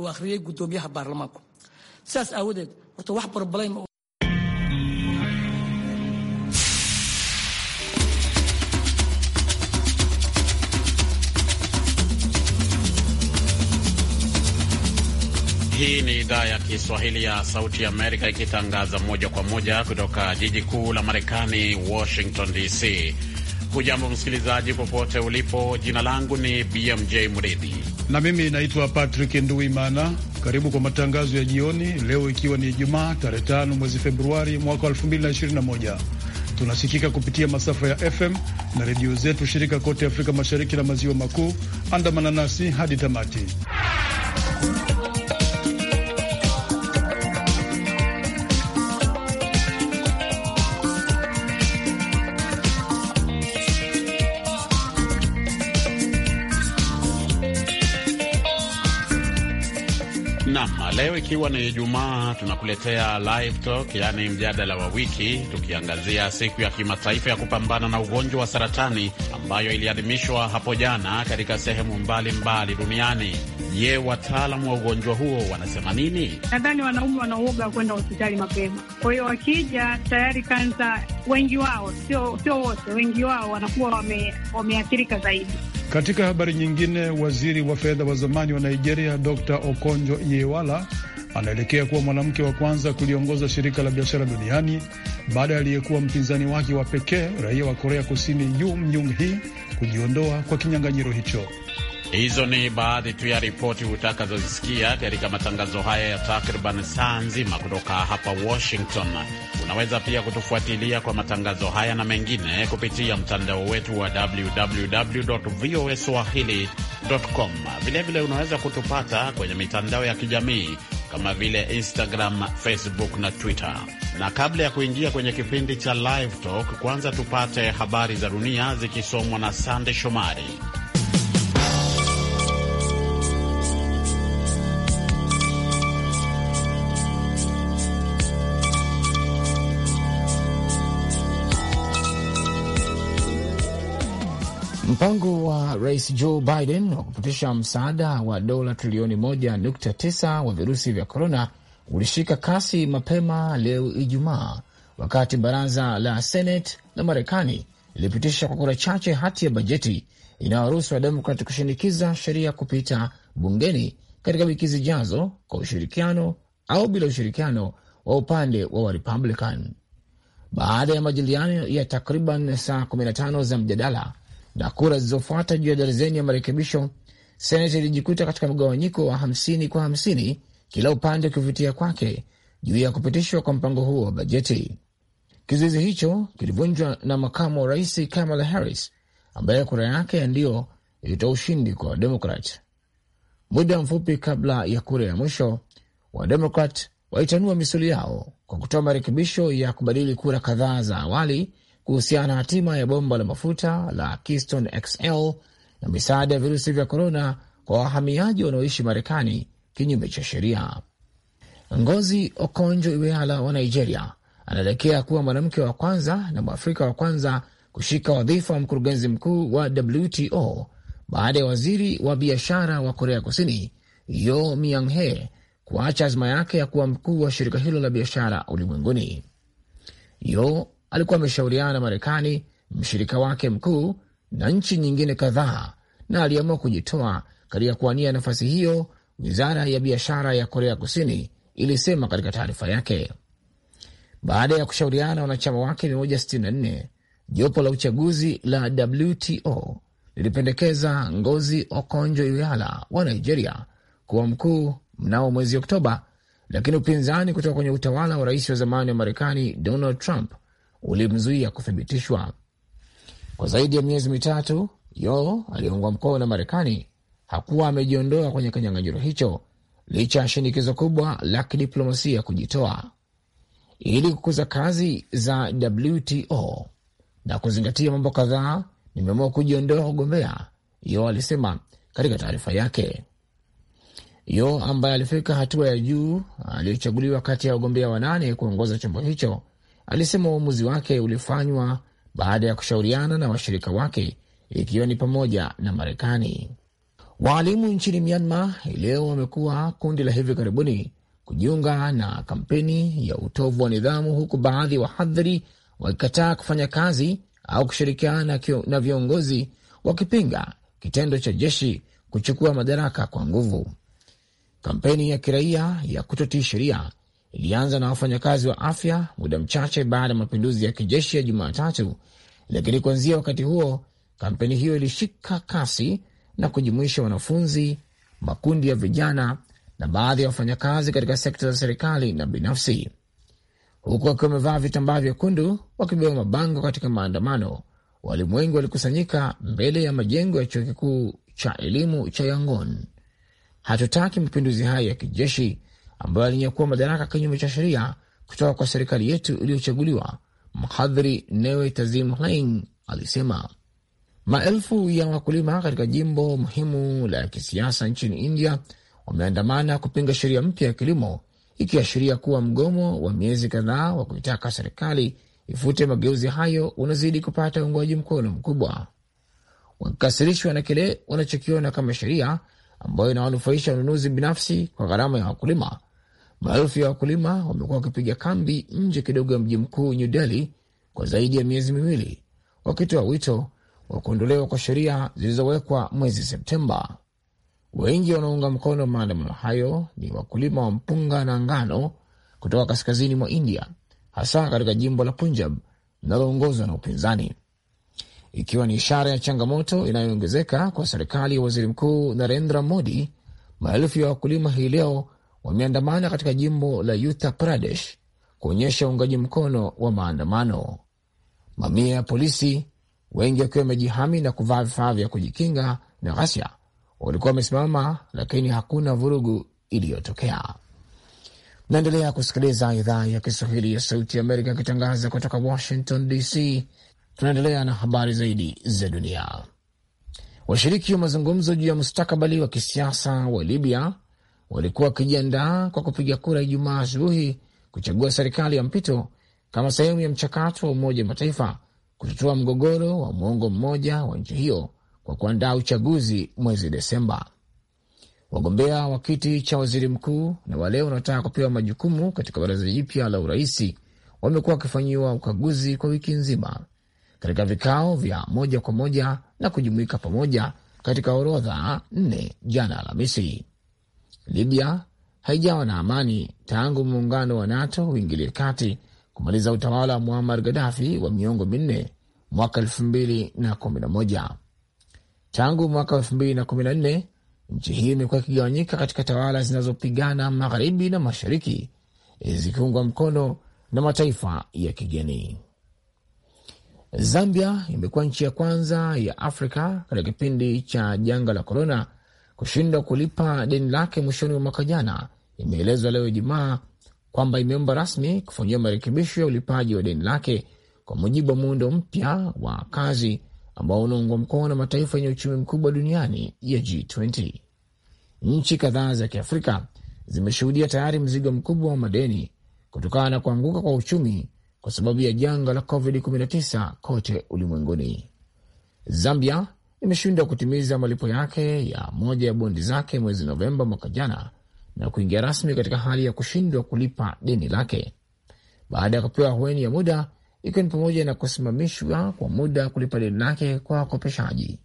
uu akhriyay gudoomiyaha baarlamaanku sidaas aawadeed horta wax barbalay Hii ni idhaa ya Kiswahili ya Sauti Amerika ikitangaza moja kwa moja kutoka jiji kuu la Marekani, Washington DC. Hujambo msikilizaji, popote ulipo. Jina langu ni BMJ Mridhi na mimi naitwa Patrick Nduimana. Karibu kwa matangazo ya jioni leo, ikiwa ni Ijumaa tarehe tano mwezi Februari mwaka moja. Tunasikika kupitia masafa ya FM na redio zetu shirika kote Afrika Mashariki na Maziwa Makuu. Andamana nasi hadi tamati. Leo ikiwa ni Ijumaa, tunakuletea live talk, yaani mjadala wa wiki, tukiangazia siku ya kimataifa ya kupambana na ugonjwa wa saratani ambayo iliadhimishwa hapo jana katika sehemu mbalimbali duniani. Je, wataalamu wa ugonjwa huo wanasema nini? Nadhani wanaume wanaoga kwenda hospitali mapema, kwa hiyo wakija tayari kansa, wengi wao, sio wote, wengi wao wanakuwa wame, wameathirika zaidi. Katika habari nyingine, waziri wa fedha wa zamani wa Nigeria Dr. Okonjo Iweala anaelekea kuwa mwanamke wa kwanza kuliongoza shirika la biashara duniani baada ya aliyekuwa mpinzani wake wa pekee raia wa Korea Kusini Yoon Myung Hee kujiondoa kwa kinyang'anyiro hicho. Hizo ni baadhi tu ya ripoti utakazosikia katika matangazo haya ya takriban saa nzima kutoka hapa Washington. Unaweza pia kutufuatilia kwa matangazo haya na mengine kupitia mtandao wetu wa www voa www.voaswahili.com. Vilevile unaweza kutupata kwenye mitandao ya kijamii kama vile Instagram, Facebook na Twitter. Na kabla ya kuingia kwenye kipindi cha Live Talk, kwanza tupate habari za dunia zikisomwa na Sande Shomari. Mpango wa Rais Joe Biden wa kupitisha msaada wa dola trilioni 1.9 wa virusi vya korona ulishika kasi mapema leo Ijumaa, wakati baraza la Senate la Marekani lilipitisha kwa kura chache hati ya bajeti inayoruhusu Wademokrati kushinikiza sheria kupita bungeni katika wiki zijazo kwa ushirikiano au bila ushirikiano wa upande wa Warepublican. Baada ya majadiliano ya takriban saa 15 za mjadala na kura zilizofuata juu ya darzeni ya marekebisho, senet ilijikuta katika mgawanyiko wa hamsini kwa hamsini, kila upande ukivutia kwake juu ya kupitishwa kwa mpango huo wa bajeti. Kizuizi hicho kilivunjwa na makamu wa rais Kamala Harris ambaye kura yake ya ndio ilitoa ushindi kwa Wademokrat. Muda mfupi kabla ya kura ya mwisho, Wademokrat walitanua misuli yao kwa kutoa marekebisho ya kubadili kura kadhaa za awali kuhusiana na hatima ya bomba la mafuta la Keystone XL na misaada ya virusi vya korona kwa wahamiaji wanaoishi Marekani kinyume cha sheria. Ngozi Okonjo Iweala wa Nigeria anaelekea kuwa mwanamke wa kwanza na mwafrika wa kwanza kushika wadhifa wa mkurugenzi mkuu wa WTO baada ya waziri wa biashara wa Korea Kusini Yo myung kuacha azma yake ya kuwa mkuu wa shirika hilo la biashara ulimwenguni. Yo alikuwa ameshauriana na Marekani, mshirika wake mkuu, na nchi nyingine kadhaa, na aliamua kujitoa katika kuwania nafasi hiyo. Wizara ya biashara ya Korea Kusini ilisema katika taarifa yake. Baada ya kushauriana na wanachama wake 164, jopo la uchaguzi la WTO lilipendekeza Ngozi Okonjo-Iweala wa Nigeria kuwa mkuu mnao mwezi Oktoba, lakini upinzani kutoka kwenye utawala wa rais wa zamani wa Marekani Donald Trump ulimzuia kuthibitishwa kwa zaidi ya miezi mitatu. Yo aliyeungwa mkono na Marekani hakuwa amejiondoa kwenye kinyang'anyiro hicho licha ya shinikizo kubwa la kidiplomasia kujitoa ili kukuza kazi za WTO na kuzingatia mambo kadhaa, nimeamua kujiondoa kugombea, Yo alisema katika taarifa yake. Yo ambaye alifika hatua ya juu aliyochaguliwa kati ya wagombea wanane kuongoza chombo hicho Alisema uamuzi wake ulifanywa baada ya kushauriana na washirika wake ikiwa ni pamoja na Marekani. Waalimu nchini Myanmar leo wamekuwa kundi la hivi karibuni kujiunga na kampeni ya utovu wa nidhamu, huku baadhi ya wahadhiri wakikataa kufanya kazi au kushirikiana na viongozi wakipinga kitendo cha jeshi kuchukua madaraka kwa nguvu. Kampeni ya kiraia ya kutotii sheria ilianza na wafanyakazi wa afya muda mchache baada ya mapinduzi ya kijeshi ya Jumatatu, lakini kuanzia wakati huo kampeni hiyo ilishika kasi na kujumuisha wanafunzi, makundi ya vijana na baadhi ya wafanyakazi katika sekta za serikali na binafsi, huku wakiwa wamevaa vitambaa vyekundu, wakibeba mabango katika maandamano. Walimu wengi walikusanyika mbele ya majengo ya chuo kikuu cha elimu cha Yangon. Hatutaki mapinduzi hayo ya kijeshi ambayo alinyakua madaraka kinyume cha sheria kutoka kwa serikali yetu iliyochaguliwa, mhadhiri Newe Tazim Hlein alisema. Maelfu ya wakulima katika jimbo muhimu la kisiasa nchini India wameandamana kupinga sheria mpya ya kilimo, ikiashiria kuwa mgomo wa miezi kadhaa wa kuitaka serikali ifute mageuzi hayo unazidi kupata uungwaji mkono mkubwa. Wakikasirishwa na kile wanachokiona kama sheria ambayo inawanufaisha wanunuzi binafsi kwa gharama ya wakulima Maelfu ya wakulima wamekuwa wakipiga kambi nje kidogo ya mji mkuu New Delhi kwa zaidi ya miezi miwili, wakitoa wito wa kuondolewa kwa sheria zilizowekwa mwezi Septemba. Wengi wanaunga mkono maandamano hayo ni wakulima wa mpunga na ngano kutoka kaskazini mwa India, hasa katika jimbo la Punjab linaloongozwa na upinzani, ikiwa ni ishara ya changamoto inayoongezeka kwa serikali ya waziri mkuu Narendra Modi. Maelfu ya wakulima hii leo wameandamana katika jimbo la Uttar Pradesh kuonyesha uungaji mkono wa maandamano. Mamia ya polisi, wengi wakiwa wamejihami na kuvaa vifaa vya kujikinga na ghasia, walikuwa wamesimama, lakini hakuna vurugu iliyotokea. Naendelea kusikiliza idhaa ya Kiswahili ya Sauti ya Amerika ikitangaza kutoka Washington DC. Tunaendelea na habari zaidi za dunia. Washiriki wa mazungumzo juu ya mustakabali wa kisiasa wa Libya walikuwa wakijiandaa kwa kupiga kura Ijumaa asubuhi kuchagua serikali ya mpito kama sehemu ya mchakato wa Umoja Mataifa kutotoa mgogoro wa mwongo mmoja wa nchi hiyo kwa kuandaa uchaguzi mwezi Desemba. Wagombea wa kiti cha waziri mkuu na wale wanaotaka kupewa majukumu katika baraza jipya la uraisi wamekuwa wakifanyiwa ukaguzi kwa wiki nzima katika vikao vya moja kwa moja na kujumuika pamoja katika orodha nne jana Alhamisi. Libya haijawa na amani tangu muungano wa NATO uingilie kati kumaliza utawala wa Muammar Gaddafi wa miongo minne mwaka elfu mbili na kumi na moja. Tangu mwaka elfu mbili na kumi na nne nchi hii imekuwa ikigawanyika katika tawala zinazopigana magharibi na mashariki eh, zikiungwa mkono na mataifa ya kigeni. Zambia imekuwa nchi ya kwanza ya Afrika katika kipindi cha janga la korona kushindwa kulipa deni lake mwishoni mwa mwaka jana, imeelezwa leo Ijumaa kwamba imeomba rasmi kufanyiwa marekebisho ya ulipaji wa deni lake kwa mujibu wa muundo mpya wa kazi ambao unaungwa mkono na mataifa yenye uchumi mkubwa duniani ya G20. Nchi kadhaa za Kiafrika zimeshuhudia tayari mzigo mkubwa wa madeni kutokana na kuanguka kwa uchumi kwa sababu ya janga la COVID-19 kote ulimwenguni. Zambia imeshindwa kutimiza malipo yake ya moja ya bondi zake mwezi Novemba mwaka jana na kuingia rasmi katika hali ya kushindwa kulipa deni lake baada ya kupewa hueni ya muda, ikiwa ni pamoja na kusimamishwa kwa muda kulipa deni lake kwa wakopeshaji.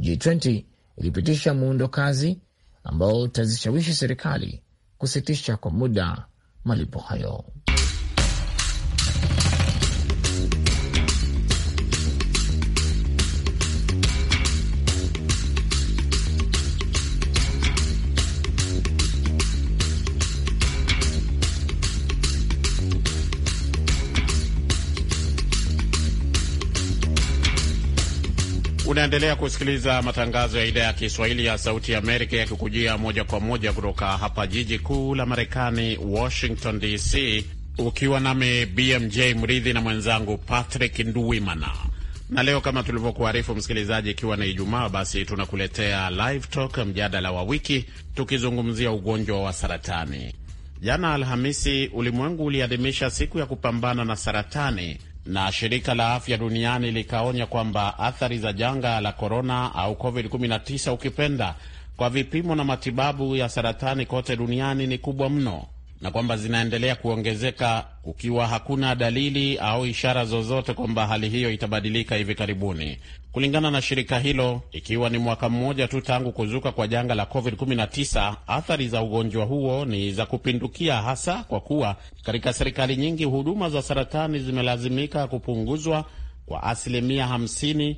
G20 ilipitisha muundo kazi ambao utazishawishi serikali kusitisha kwa muda malipo hayo. Unaendelea kusikiliza matangazo ya idhaa ya Kiswahili ya Sauti Amerika yakikujia moja kwa moja kutoka hapa jiji kuu la Marekani, Washington DC, ukiwa nami BMJ Mridhi na mwenzangu Patrick Nduwimana. Na leo kama tulivyokuarifu msikilizaji, ikiwa ni Ijumaa, basi tunakuletea Live Talk, mjadala wa wiki, tukizungumzia ugonjwa wa saratani. Jana Alhamisi, ulimwengu uliadhimisha siku ya kupambana na saratani na shirika la afya duniani likaonya kwamba athari za janga la korona au COVID-19 ukipenda, kwa vipimo na matibabu ya saratani kote duniani ni kubwa mno na kwamba zinaendelea kuongezeka kukiwa hakuna dalili au ishara zozote kwamba hali hiyo itabadilika hivi karibuni. Kulingana na shirika hilo, ikiwa ni mwaka mmoja tu tangu kuzuka kwa janga la COVID-19, athari za ugonjwa huo ni za kupindukia, hasa kwa kuwa katika serikali nyingi huduma za saratani zimelazimika kupunguzwa kwa asilimia 50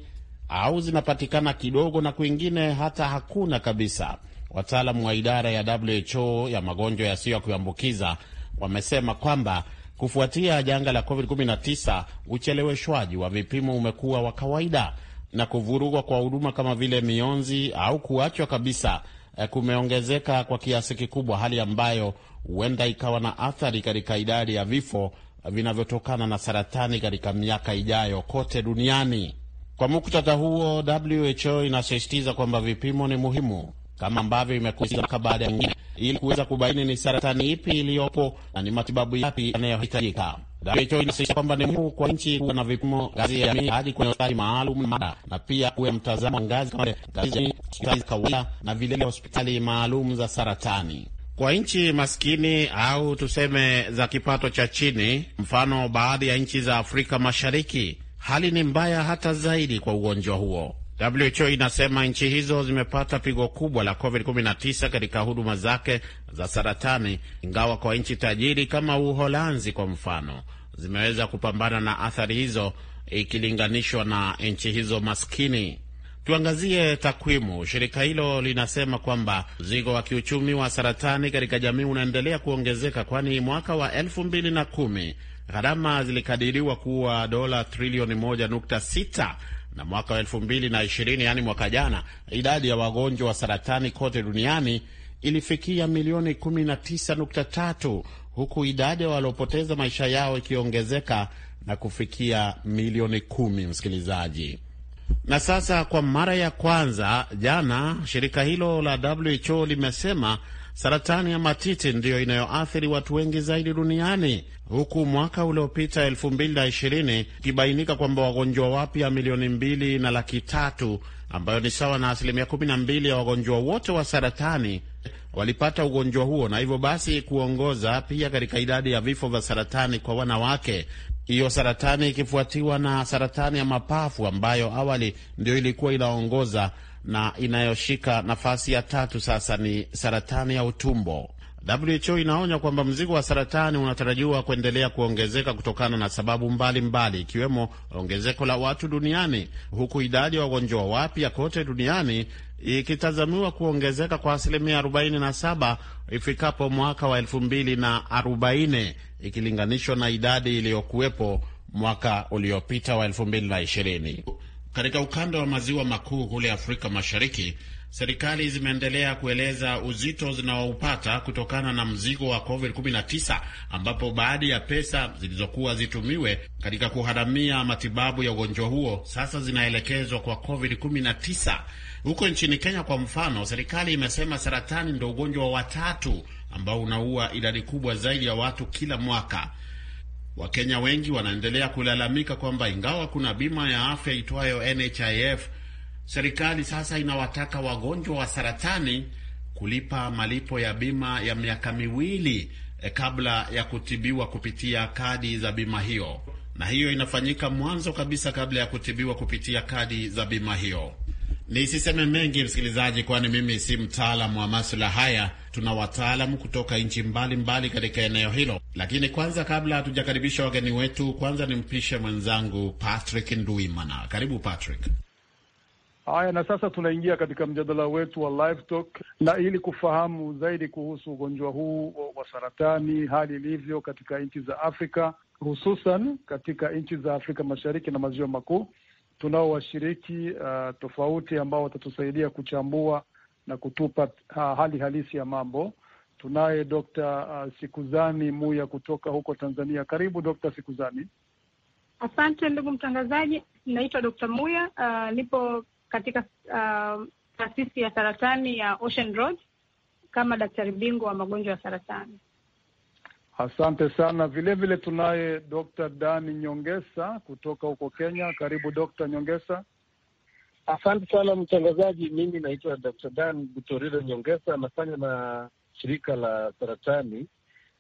au zinapatikana kidogo na kwingine hata hakuna kabisa. Wataalamu wa idara ya WHO ya magonjwa yasiyo ya kuambukiza wamesema kwamba kufuatia janga la COVID-19, ucheleweshwaji wa vipimo umekuwa wa kawaida na kuvurugwa kwa huduma kama vile mionzi au kuachwa kabisa eh, kumeongezeka kwa kiasi kikubwa, hali ambayo huenda ikawa na athari katika idadi ya vifo vinavyotokana na saratani katika miaka ijayo kote duniani. Kwa muktadha huo, WHO inasisitiza kwamba vipimo ni muhimu kama ambavyo imekuwa baada ya nyingine, ili kuweza kubaini ni saratani ipi iliyopo na ni matibabu yapi yanayohitajika. WHO inasisitiza kwamba ni muhimu kwa nchi kuwa na vipimo ngazi ya jamii hadi kwenye hospitali maalum mara na pia kuwe mtazamo wa ngazi kama hospitali za kawaida na vilevile hospitali maalum za saratani. Kwa nchi maskini au tuseme za kipato cha chini, mfano baadhi ya nchi za Afrika Mashariki, hali ni mbaya hata zaidi kwa ugonjwa huo. WHO inasema nchi hizo zimepata pigo kubwa la COVID-19 katika huduma zake za saratani, ingawa kwa nchi tajiri kama Uholanzi kwa mfano zimeweza kupambana na athari hizo ikilinganishwa na nchi hizo maskini. Tuangazie takwimu. Shirika hilo linasema kwamba mzigo wa kiuchumi wa saratani katika jamii unaendelea kuongezeka, kwani mwaka wa elfu mbili na kumi gharama zilikadiriwa kuwa dola trilioni moja nukta sita na mwaka wa elfu mbili na ishirini yaani mwaka jana, idadi ya wagonjwa wa saratani kote duniani ilifikia milioni 19.3 huku idadi ya waliopoteza maisha yao ikiongezeka na kufikia milioni kumi. Msikilizaji, na sasa kwa mara ya kwanza jana shirika hilo la WHO limesema saratani ya matiti ndiyo inayoathiri watu wengi zaidi duniani, huku mwaka uliopita elfu ikibainika kwamba wagonjwa wapya milioni mbili na laki tatu ambayo ni sawa na asilimia 12 ya wagonjwa wote wa saratani walipata ugonjwa huo, na hivyo basi kuongoza pia katika idadi ya vifo vya saratani kwa wanawake, hiyo saratani ikifuatiwa na saratani ya mapafu ambayo awali ndio ilikuwa inaongoza na inayoshika nafasi ya tatu sasa ni saratani ya utumbo. WHO inaonya kwamba mzigo wa saratani unatarajiwa kuendelea kuongezeka kutokana na sababu mbalimbali ikiwemo mbali, ongezeko la watu duniani huku idadi ya wa wagonjwa wapya kote duniani ikitazamiwa kuongezeka kwa asilimia 47 ifikapo mwaka wa 2040 ikilinganishwa na idadi iliyokuwepo mwaka uliopita wa 2020. Katika ukanda wa maziwa makuu kule Afrika Mashariki, serikali zimeendelea kueleza uzito zinaoupata kutokana na mzigo wa COVID-19, ambapo baadhi ya pesa zilizokuwa zitumiwe katika kuharamia matibabu ya ugonjwa huo sasa zinaelekezwa kwa COVID-19. Huko nchini Kenya kwa mfano, serikali imesema saratani ndo ugonjwa wa tatu ambao unaua idadi kubwa zaidi ya watu kila mwaka. Wakenya wengi wanaendelea kulalamika kwamba ingawa kuna bima ya afya itwayo NHIF, serikali sasa inawataka wagonjwa wa saratani kulipa malipo ya bima ya miaka miwili eh, kabla ya kutibiwa kupitia kadi za bima hiyo, na hiyo inafanyika mwanzo kabisa kabla ya kutibiwa kupitia kadi za bima hiyo siseme mengi msikilizaji, kwani mimi si mtaalamu wa masuala haya. Tuna wataalamu kutoka nchi mbalimbali katika eneo hilo, lakini kwanza, kabla hatujakaribisha wageni wetu, kwanza nimpishe mwenzangu Patrick Nduimana. Karibu Patrick. Haya, na sasa tunaingia katika mjadala wetu wa live talk, na ili kufahamu zaidi kuhusu ugonjwa huu wa saratani, hali ilivyo katika nchi za Afrika, hususan katika nchi za Afrika Mashariki na Maziwa Makuu tunao washiriki uh, tofauti ambao watatusaidia kuchambua na kutupa uh, hali halisi ya mambo. Tunaye Dokta uh, Sikuzani Muya kutoka huko Tanzania. Karibu Dokta Sikuzani. Asante ndugu mtangazaji, naitwa Dokta Muya. Uh, nipo katika uh, taasisi ya saratani ya Ocean Road kama daktari bingwa wa magonjwa ya saratani. Asante sana. Vilevile vile tunaye Dr. Dani Nyongesa kutoka huko Kenya. Karibu Dr. Nyongesa. Asante sana mtangazaji. Mimi naitwa Dr. Dan Butoriro Nyongesa, anafanya na shirika la saratani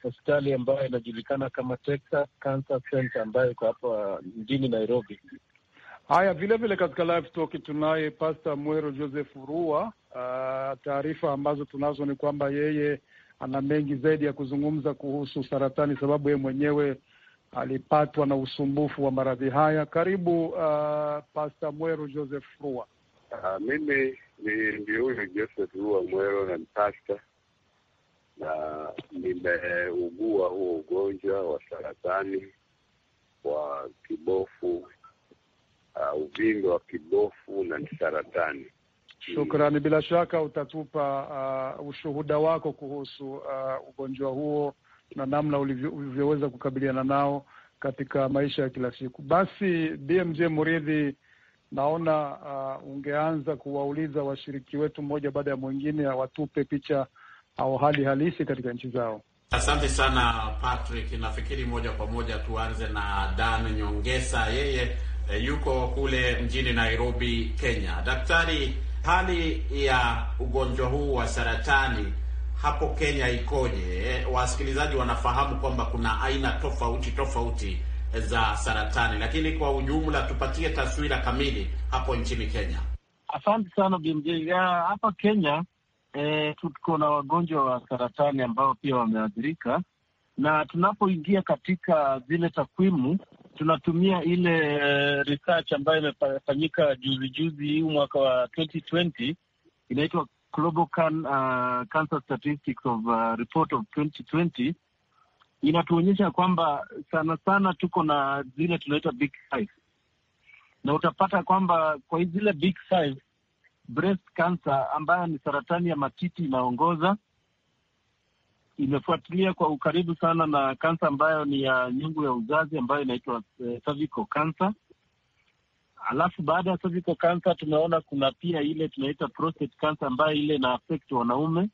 hospitali ambayo inajulikana kama Texas Cancer Center ambayo iko hapa mjini Nairobi. Haya, vilevile katika live talk tunaye Pasta Mwero Joseph Rua. Uh, taarifa ambazo tunazo ni kwamba yeye ana mengi zaidi ya kuzungumza kuhusu saratani, sababu yeye mwenyewe alipatwa na usumbufu wa maradhi haya. Karibu uh, Pasta Mwero Joseph Rua. Uh, mimi ni ndio huyo Joseph Rua Mwero na mpasta na nimeugua huo ugonjwa wa saratani wa kibofu, uh, uvimbe wa kibofu na ni saratani Shukrani. Bila shaka utatupa uh, ushuhuda wako kuhusu uh, ugonjwa huo na namna ulivyoweza kukabiliana nao katika maisha ya kila siku. Basi BMJ Muridhi, naona uh, ungeanza kuwauliza washiriki wetu mmoja baada ya mwingine watupe picha au hali halisi katika nchi zao. Asante sana Patrick. Nafikiri moja kwa moja tuanze na Dan Nyongesa, yeye eh, yuko kule mjini Nairobi, Kenya. Daktari hali ya ugonjwa huu wa saratani hapo Kenya ikoje? Wasikilizaji wanafahamu kwamba kuna aina tofauti tofauti za saratani, lakini kwa ujumla tupatie taswira kamili hapo nchini Kenya. Asante sana BMJ. Hapa Kenya e, tuko na wagonjwa wa saratani ambao pia wameathirika, na tunapoingia katika zile takwimu tunatumia ile eh, research ambayo imefanyika juzi juzi hii mwaka wa 2020 inaitwa Global Can, uh, Cancer Statistics of uh, Report of 2020 inatuonyesha kwamba sana sana tuko na zile tunaita big five, na utapata kwamba kwa zile big five, breast cancer ambayo ni saratani ya matiti inaongoza, imefuatilia kwa ukaribu sana na kansa ambayo ni ya nyungu ya uzazi ambayo inaitwa eh, cervical cancer. Alafu baada ya cervical cancer tumeona kuna pia ile tunaita prostate cancer ambayo ile ina affect wanaume.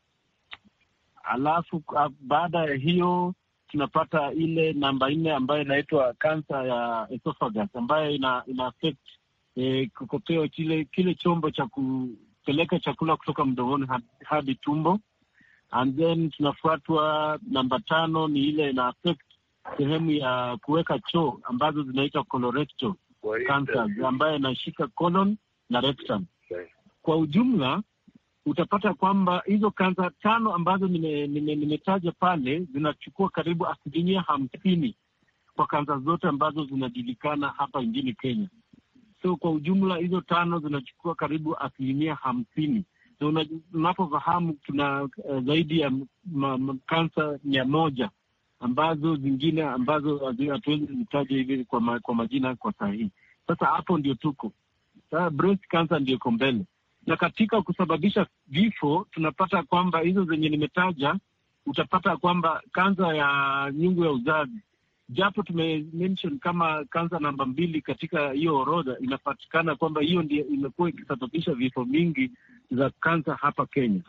Alafu ah, baada ya hiyo tunapata ile namba nne ambayo inaitwa kansa ya esophagus ambayo ina, ina affect eh, kokoteo kile, kile chombo cha kupeleka chakula kutoka mdomoni hadi tumbo and then tunafuatwa namba tano ni ile ina affect sehemu ya kuweka choo ambazo zinaitwa colorectal cancer ambayo inashika colon na rectum. Kwa ujumla utapata kwamba hizo kansa tano ambazo nimetaja nime, nime pale zinachukua karibu asilimia hamsini kwa kansa zote ambazo zinajulikana hapa nchini Kenya. So kwa ujumla hizo tano zinachukua karibu asilimia hamsini Unapofahamu tuna uh, eh, zaidi ya kansa mia moja ambazo zingine ambazo hatuwezi zitaja hivi kwa, ma, kwa majina kwa sahihi. Sasa hapo ndio tuko sasa, breast cancer ndio iko mbele, na katika kusababisha vifo tunapata kwamba hizo zenye nimetaja, utapata kwamba kansa ya nyungu ya uzazi japo tume kama kansa namba mbili katika hiyo orodha, inapatikana kwamba hiyo ndio imekuwa ikisababisha vifo mingi za kansa hapa Kenya.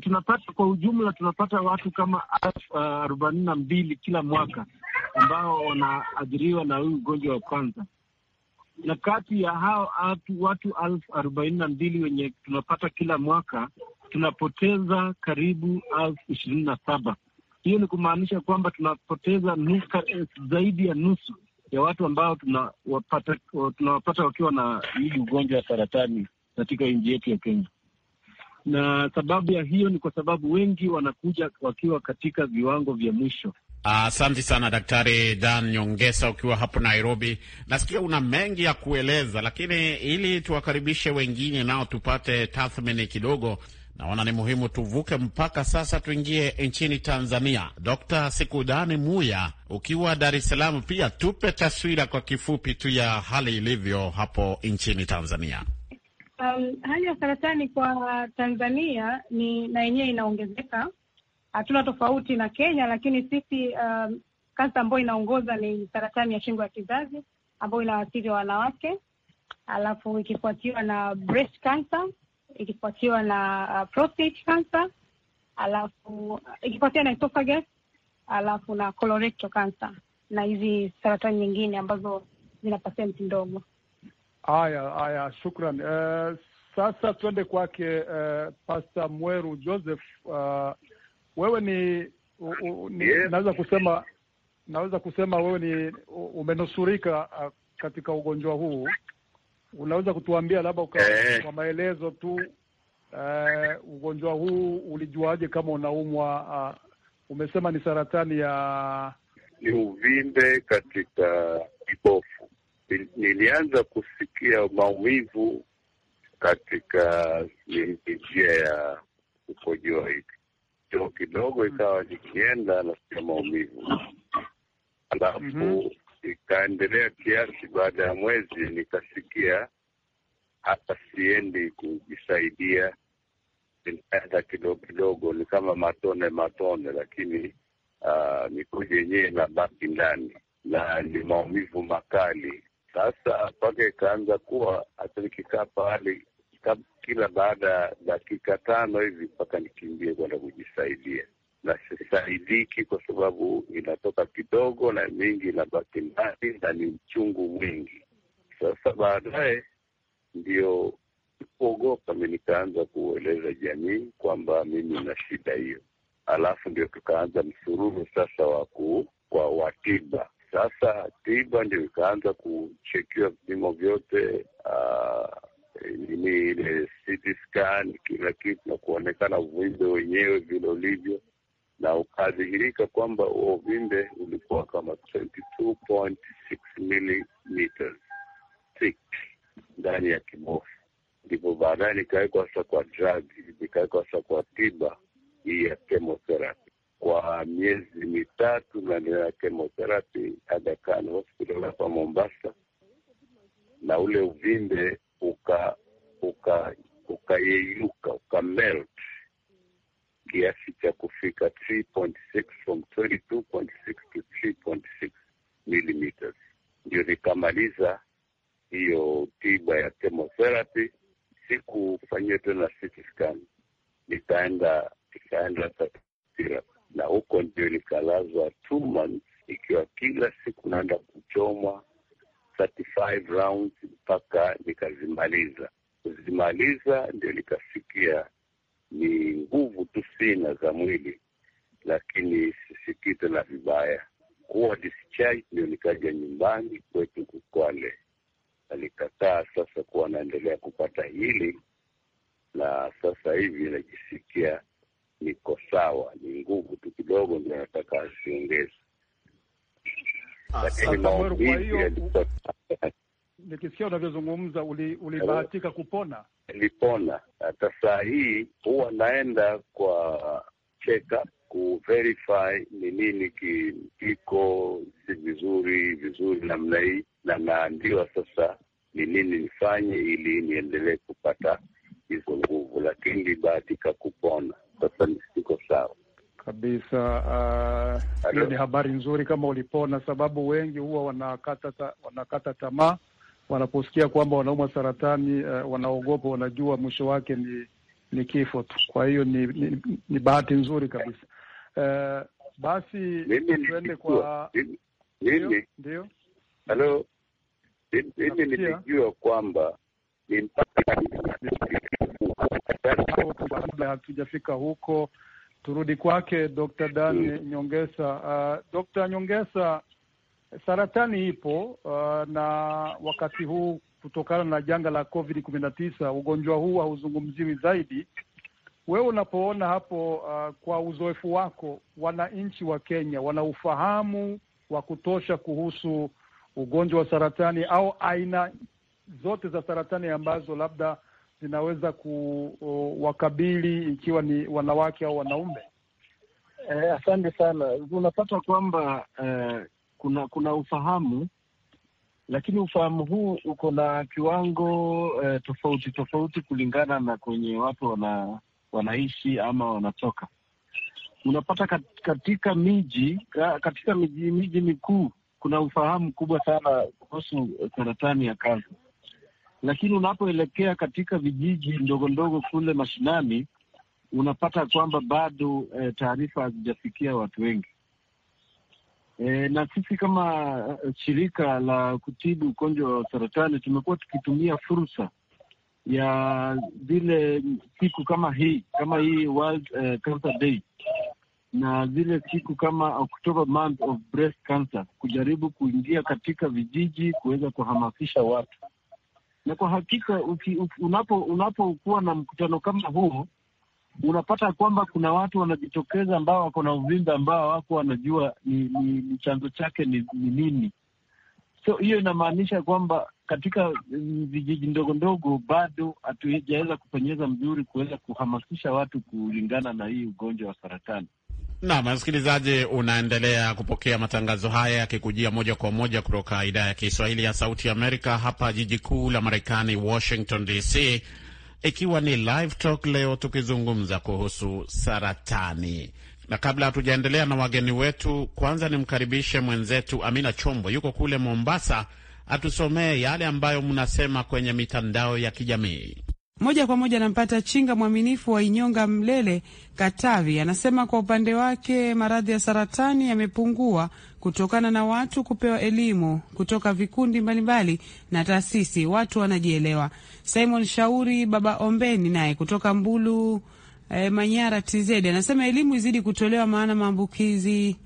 Tunapata kwa ujumla, tunapata watu kama elfu uh, arobaini na mbili kila mwaka ambao wanaathiriwa na huu ugonjwa wa kansa, na kati ya hao watu elfu arobaini na mbili wenye tunapata kila mwaka tunapoteza karibu elfu ishirini na saba. Hiyo ni kumaanisha kwamba tunapoteza nuka, zaidi ya nusu ya watu ambao tunawapata, tunawapata wakiwa na hili ugonjwa wa saratani katika nchi yetu ya Kenya na sababu ya hiyo ni kwa sababu wengi wanakuja wakiwa katika viwango vya mwisho. Asante sana Daktari Dan Nyongesa, ukiwa hapo Nairobi. Nasikia una mengi ya kueleza, lakini ili tuwakaribishe wengine nao tupate tathmini kidogo, naona ni muhimu tuvuke mpaka sasa tuingie nchini Tanzania. Dkt. Sikudani Muya, ukiwa Dar es Salaam, pia tupe taswira kwa kifupi tu ya hali ilivyo hapo nchini Tanzania. Um, hali ya saratani kwa Tanzania ni na yenyewe inaongezeka. Hatuna tofauti na Kenya, lakini sisi um, kansa ambayo inaongoza ni saratani ya shingo ya kizazi ambayo inawaathiri wanawake, alafu ikifuatiwa na breast cancer, ikifuatiwa na uh, prostate cancer, alafu ikifuatiwa na esophagus, alafu na colorectal cancer na hizi saratani nyingine ambazo zina pasenti ndogo. Haya, haya, shukran. Uh, sasa twende kwake uh, eh, Pasta Mweru Joseph. Uh, wewe ni, ni yeah. Naweza kusema naweza kusema wewe ni umenusurika uh, katika ugonjwa huu. Unaweza kutuambia labda kwa eh, maelezo tu uh, ugonjwa huu ulijuaje kama unaumwa? Uh, umesema ni saratani ya ni uvimbe katika kibofu nilianza kusikia maumivu katika njia ya ukojoa hiki o kidogo, mm-hmm. ikawa nikienda nasikia maumivu, alafu mm-hmm. ikaendelea kiasi. Baada ya mwezi nikasikia hata siendi kujisaidia, nikaenda kidogo kidogo, ni kama matone matone, lakini uh, ah, mikojo yenyewe inabaki ndani na ni maumivu makali sasa mpaka ikaanza kuwa hata nikikaa pahali kila baada ya dakika tano hivi mpaka nikimbie kwenda kujisaidia, na sisaidiki kwa sababu inatoka kidogo na mingi inabaki ndani na ni mchungu mwingi. Sasa baadaye ndio kuogopa, mi nikaanza kueleza jamii kwamba mimi na shida hiyo, alafu ndio tukaanza msururu sasa wa watiba sasa tiba ndio ikaanza kuchekiwa vipimo vyote, ah, eh, nini ile CT scan, kila kitu na kuonekana uvimbe wenyewe vile ulivyo, na ukadhihirika kwamba huo uvimbe ulikuwa kama 22.6 millimeters thick ndani ya kibofu. Ndipo baadaye nikawekwa sasa kwa drug, nikawekwa sasa kwa tiba hii ya chemotherapy kwa miezi mitatu naendelea ya chemotherapy Aga Khan hospital hapa Mombasa, na ule uvimbe uka ukayeyuka uka kiasi cha kufika 3.6 from 22.6 to 3.6 millimeters. Ndio nikamaliza hiyo tiba ya chemotherapy, sikufanyia tena CT scan, nikaenda nikaenda Tatira na huko ndio nikalazwa two months, ikiwa kila siku naenda kuchomwa 35 rounds mpaka nikazimaliza. Kuzimaliza ndio nikasikia ni nguvu tu sina za mwili, lakini sisikii tena vibaya. Kuwa discharge ndio nikaja nyumbani kwetu Kukwale, na nikakaa sasa kuwa naendelea kupata hili, na sasa hivi najisikia niko sawa, ni nguvu tu kidogo ndio anataka asiongeze, ah, nikisikia unavyozungumza ulibahatika uli kupona nilipona. Hata saa hii huwa naenda kwa check up ni nini kiko si vizuri vizuri namna hii, na naambiwa sasa ni nini nifanye ili niendelee kupata hizo nguvu, lakini nilibahatika kupona sasa siko sawa kabisa. Ah, hiyo uh, ni habari nzuri kama ulipona, sababu wengi huwa wanakata ta, wanakata tamaa wanaposikia kwamba wanaumwa saratani uh, wanaogopa, wanajua mwisho wake ni ni kifo tu. Kwa hiyo ni, ni, ni bahati nzuri kabisa uh, basi tuende kwa ndio halo, mimi nilijua kwamba ni mpaka kabla hatujafika huko, turudi kwake Dr. Dan mm. Nyongesa. Uh, Dr. Nyongesa, saratani ipo uh, na wakati huu kutokana na janga la COVID kumi na tisa ugonjwa huu hauzungumziwi zaidi. Wewe unapoona hapo, uh, kwa uzoefu wako, wananchi wa Kenya wana ufahamu wa kutosha kuhusu ugonjwa wa saratani au aina zote za saratani ambazo labda zinaweza kuwakabili ikiwa ni wanawake au wanaume? Eh, asante sana. Unapata kwamba eh, kuna kuna ufahamu, lakini ufahamu huu uko na kiwango eh, tofauti tofauti kulingana na kwenye watu wana, wanaishi ama wanatoka. Unapata katika miji katika miji miji mikuu kuna ufahamu kubwa sana kuhusu saratani ya kazi lakini unapoelekea katika vijiji ndogo ndogo kule mashinani, unapata kwamba bado e, taarifa hazijafikia watu wengi. E, na sisi kama eh, shirika la kutibu ugonjwa wa saratani tumekuwa tukitumia fursa ya zile siku kama hii kama hii World Cancer Day na zile siku kama October month of breast cancer, kujaribu kuingia katika vijiji kuweza kuhamasisha watu na kwa hakika unapokuwa unapo na mkutano kama huo unapata kwamba kuna watu wanajitokeza ambao wako na uvimbe ambao wako wanajua ni, ni, ni chanzo chake ni, ni nini. So hiyo inamaanisha kwamba katika mm, vijiji ndogo ndogo bado hatujaweza kupenyeza mzuri kuweza kuhamasisha watu kulingana na hii ugonjwa wa saratani. Nam msikilizaji, unaendelea kupokea matangazo haya yakikujia moja kwa moja kutoka idhaa ya Kiswahili ya Sauti Amerika, hapa jiji kuu la Marekani, Washington DC, ikiwa ni Live Talk leo tukizungumza kuhusu saratani. Na kabla hatujaendelea na wageni wetu, kwanza nimkaribishe mwenzetu Amina Chombo, yuko kule Mombasa, atusomee yale ambayo mnasema kwenye mitandao ya kijamii. Moja kwa moja anampata Chinga Mwaminifu wa Inyonga, Mlele, Katavi. Anasema kwa upande wake maradhi ya saratani yamepungua kutokana na watu kupewa elimu kutoka vikundi mbalimbali na taasisi, watu wanajielewa. Simon Shauri Baba Ombeni naye kutoka Mbulu, eh, Manyara, TZ anasema elimu izidi kutolewa, maana maambukizi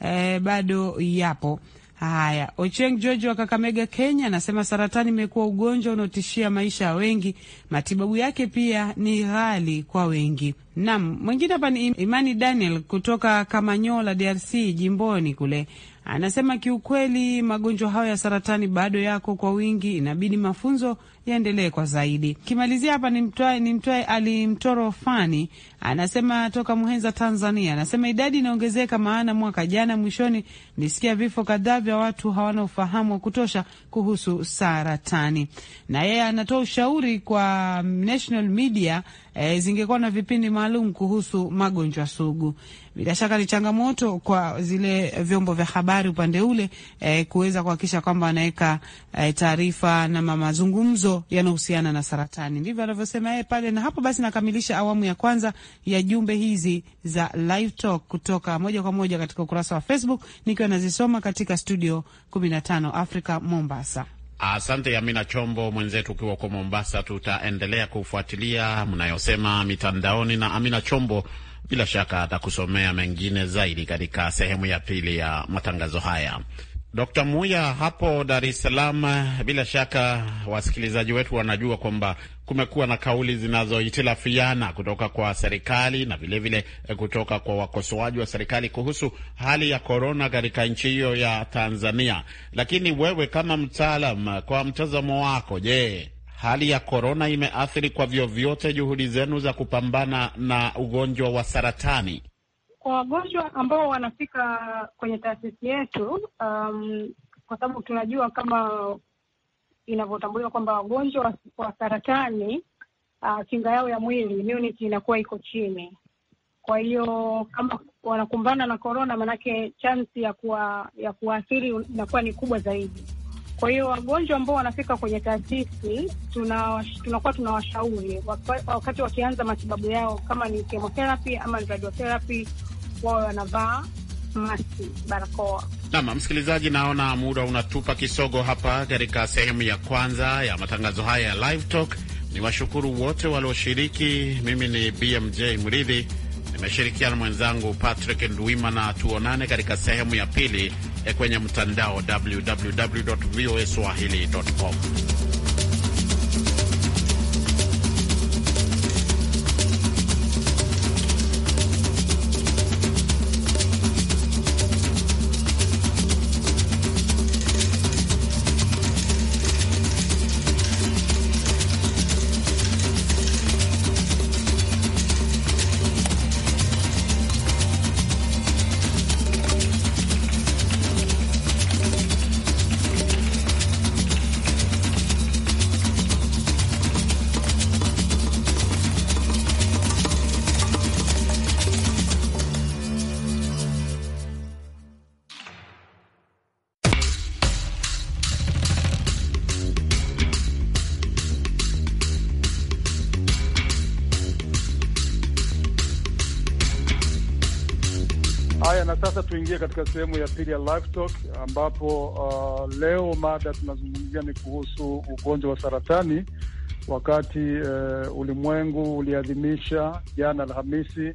eh, bado yapo. Haya, Ocheng Jojo wa Kakamega, Kenya anasema saratani imekuwa ugonjwa unaotishia maisha ya wengi, matibabu yake pia ni ghali kwa wengi. Nam mwingine hapa ni Imani Daniel kutoka Kamanyola, DRC, jimboni kule, anasema kiukweli magonjwa hayo ya saratani bado yako kwa wingi, inabidi mafunzo yaendelee kwa zaidi. Kimalizia hapa nimtoe nimtwae Ali Mtoro Fani anasema toka Muhenza, Tanzania, anasema idadi inaongezeka, maana mwaka jana mwishoni nisikia vifo kadhaa vya watu hawana ufahamu wa kutosha kuhusu saratani. Na yeye anatoa ushauri kwa national media, e, zingekuwa na vipindi maalum kuhusu magonjwa sugu. Bila shaka ni changamoto kwa zile vyombo vya habari upande ule eh, kuweza kuhakikisha kwamba wanaweka eh, taarifa na mazungumzo yanahusiana na saratani. Ndivyo anavyosema yeye pale, na hapo basi nakamilisha awamu ya kwanza ya jumbe hizi za live talk kutoka moja kwa moja katika ukurasa wa Facebook nikiwa nazisoma katika studio 15 Africa Mombasa. Asante Amina Chombo mwenzetu, ukiwa kwa Mombasa. Tutaendelea kufuatilia mnayosema mitandaoni na Amina Chombo bila shaka atakusomea mengine zaidi katika sehemu ya pili ya matangazo haya. d Muya hapo Dar es Salaam, bila shaka wasikilizaji wetu wanajua kwamba kumekuwa na kauli zinazohitilafiana kutoka kwa serikali na vilevile vile eh, kutoka kwa wakosoaji wa serikali kuhusu hali ya korona katika nchi hiyo ya Tanzania. Lakini wewe kama mtaalam, kwa mtazamo wako, je, hali ya korona imeathiri kwa vyovyote juhudi zenu za kupambana na ugonjwa wa saratani? Kwa wagonjwa ambao wanafika kwenye taasisi yetu, um, kwa sababu tunajua kama inavyotambuliwa kwamba wagonjwa wa saratani uh, kinga yao ya mwili immunity inakuwa iko chini. Kwa hiyo kama wanakumbana na korona, maanake chansi ya kuwa ya kuwaathiri inakuwa ni kubwa zaidi. Kwa hiyo wagonjwa ambao wanafika kwenye taasisi tunakuwa tuna tunawashauri wakati wakianza matibabu yao, kama ni chemotherapy ama ni radiotherapy, wawe wanavaa maski, barakoa. Nam msikilizaji, naona muda unatupa kisogo hapa katika sehemu ya kwanza ya matangazo haya ya Live Talk. Ni washukuru wote walioshiriki. Mimi ni BMJ Mridhi Nimeshirikiana mwenzangu Patrick Ndwimana. Tuonane katika sehemu ya pili eh, kwenye mtandao www sasa tuingie katika sehemu ya pili ya live talk, ambapo uh, leo mada tunazungumzia ni kuhusu ugonjwa wa saratani, wakati uh, ulimwengu uliadhimisha jana Alhamisi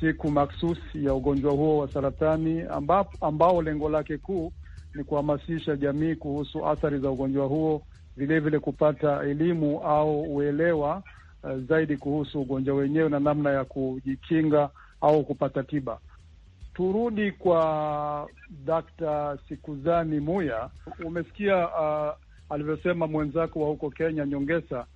siku maksusi ya ugonjwa huo wa saratani, ambapo, ambao lengo lake kuu ni kuhamasisha jamii kuhusu athari za ugonjwa huo, vilevile vile kupata elimu au uelewa uh, zaidi kuhusu ugonjwa wenyewe na namna ya kujikinga au kupata tiba turudi kwa Dakta Sikuzani Muya. Umesikia uh, alivyosema mwenzako wa huko Kenya, Nyongesa,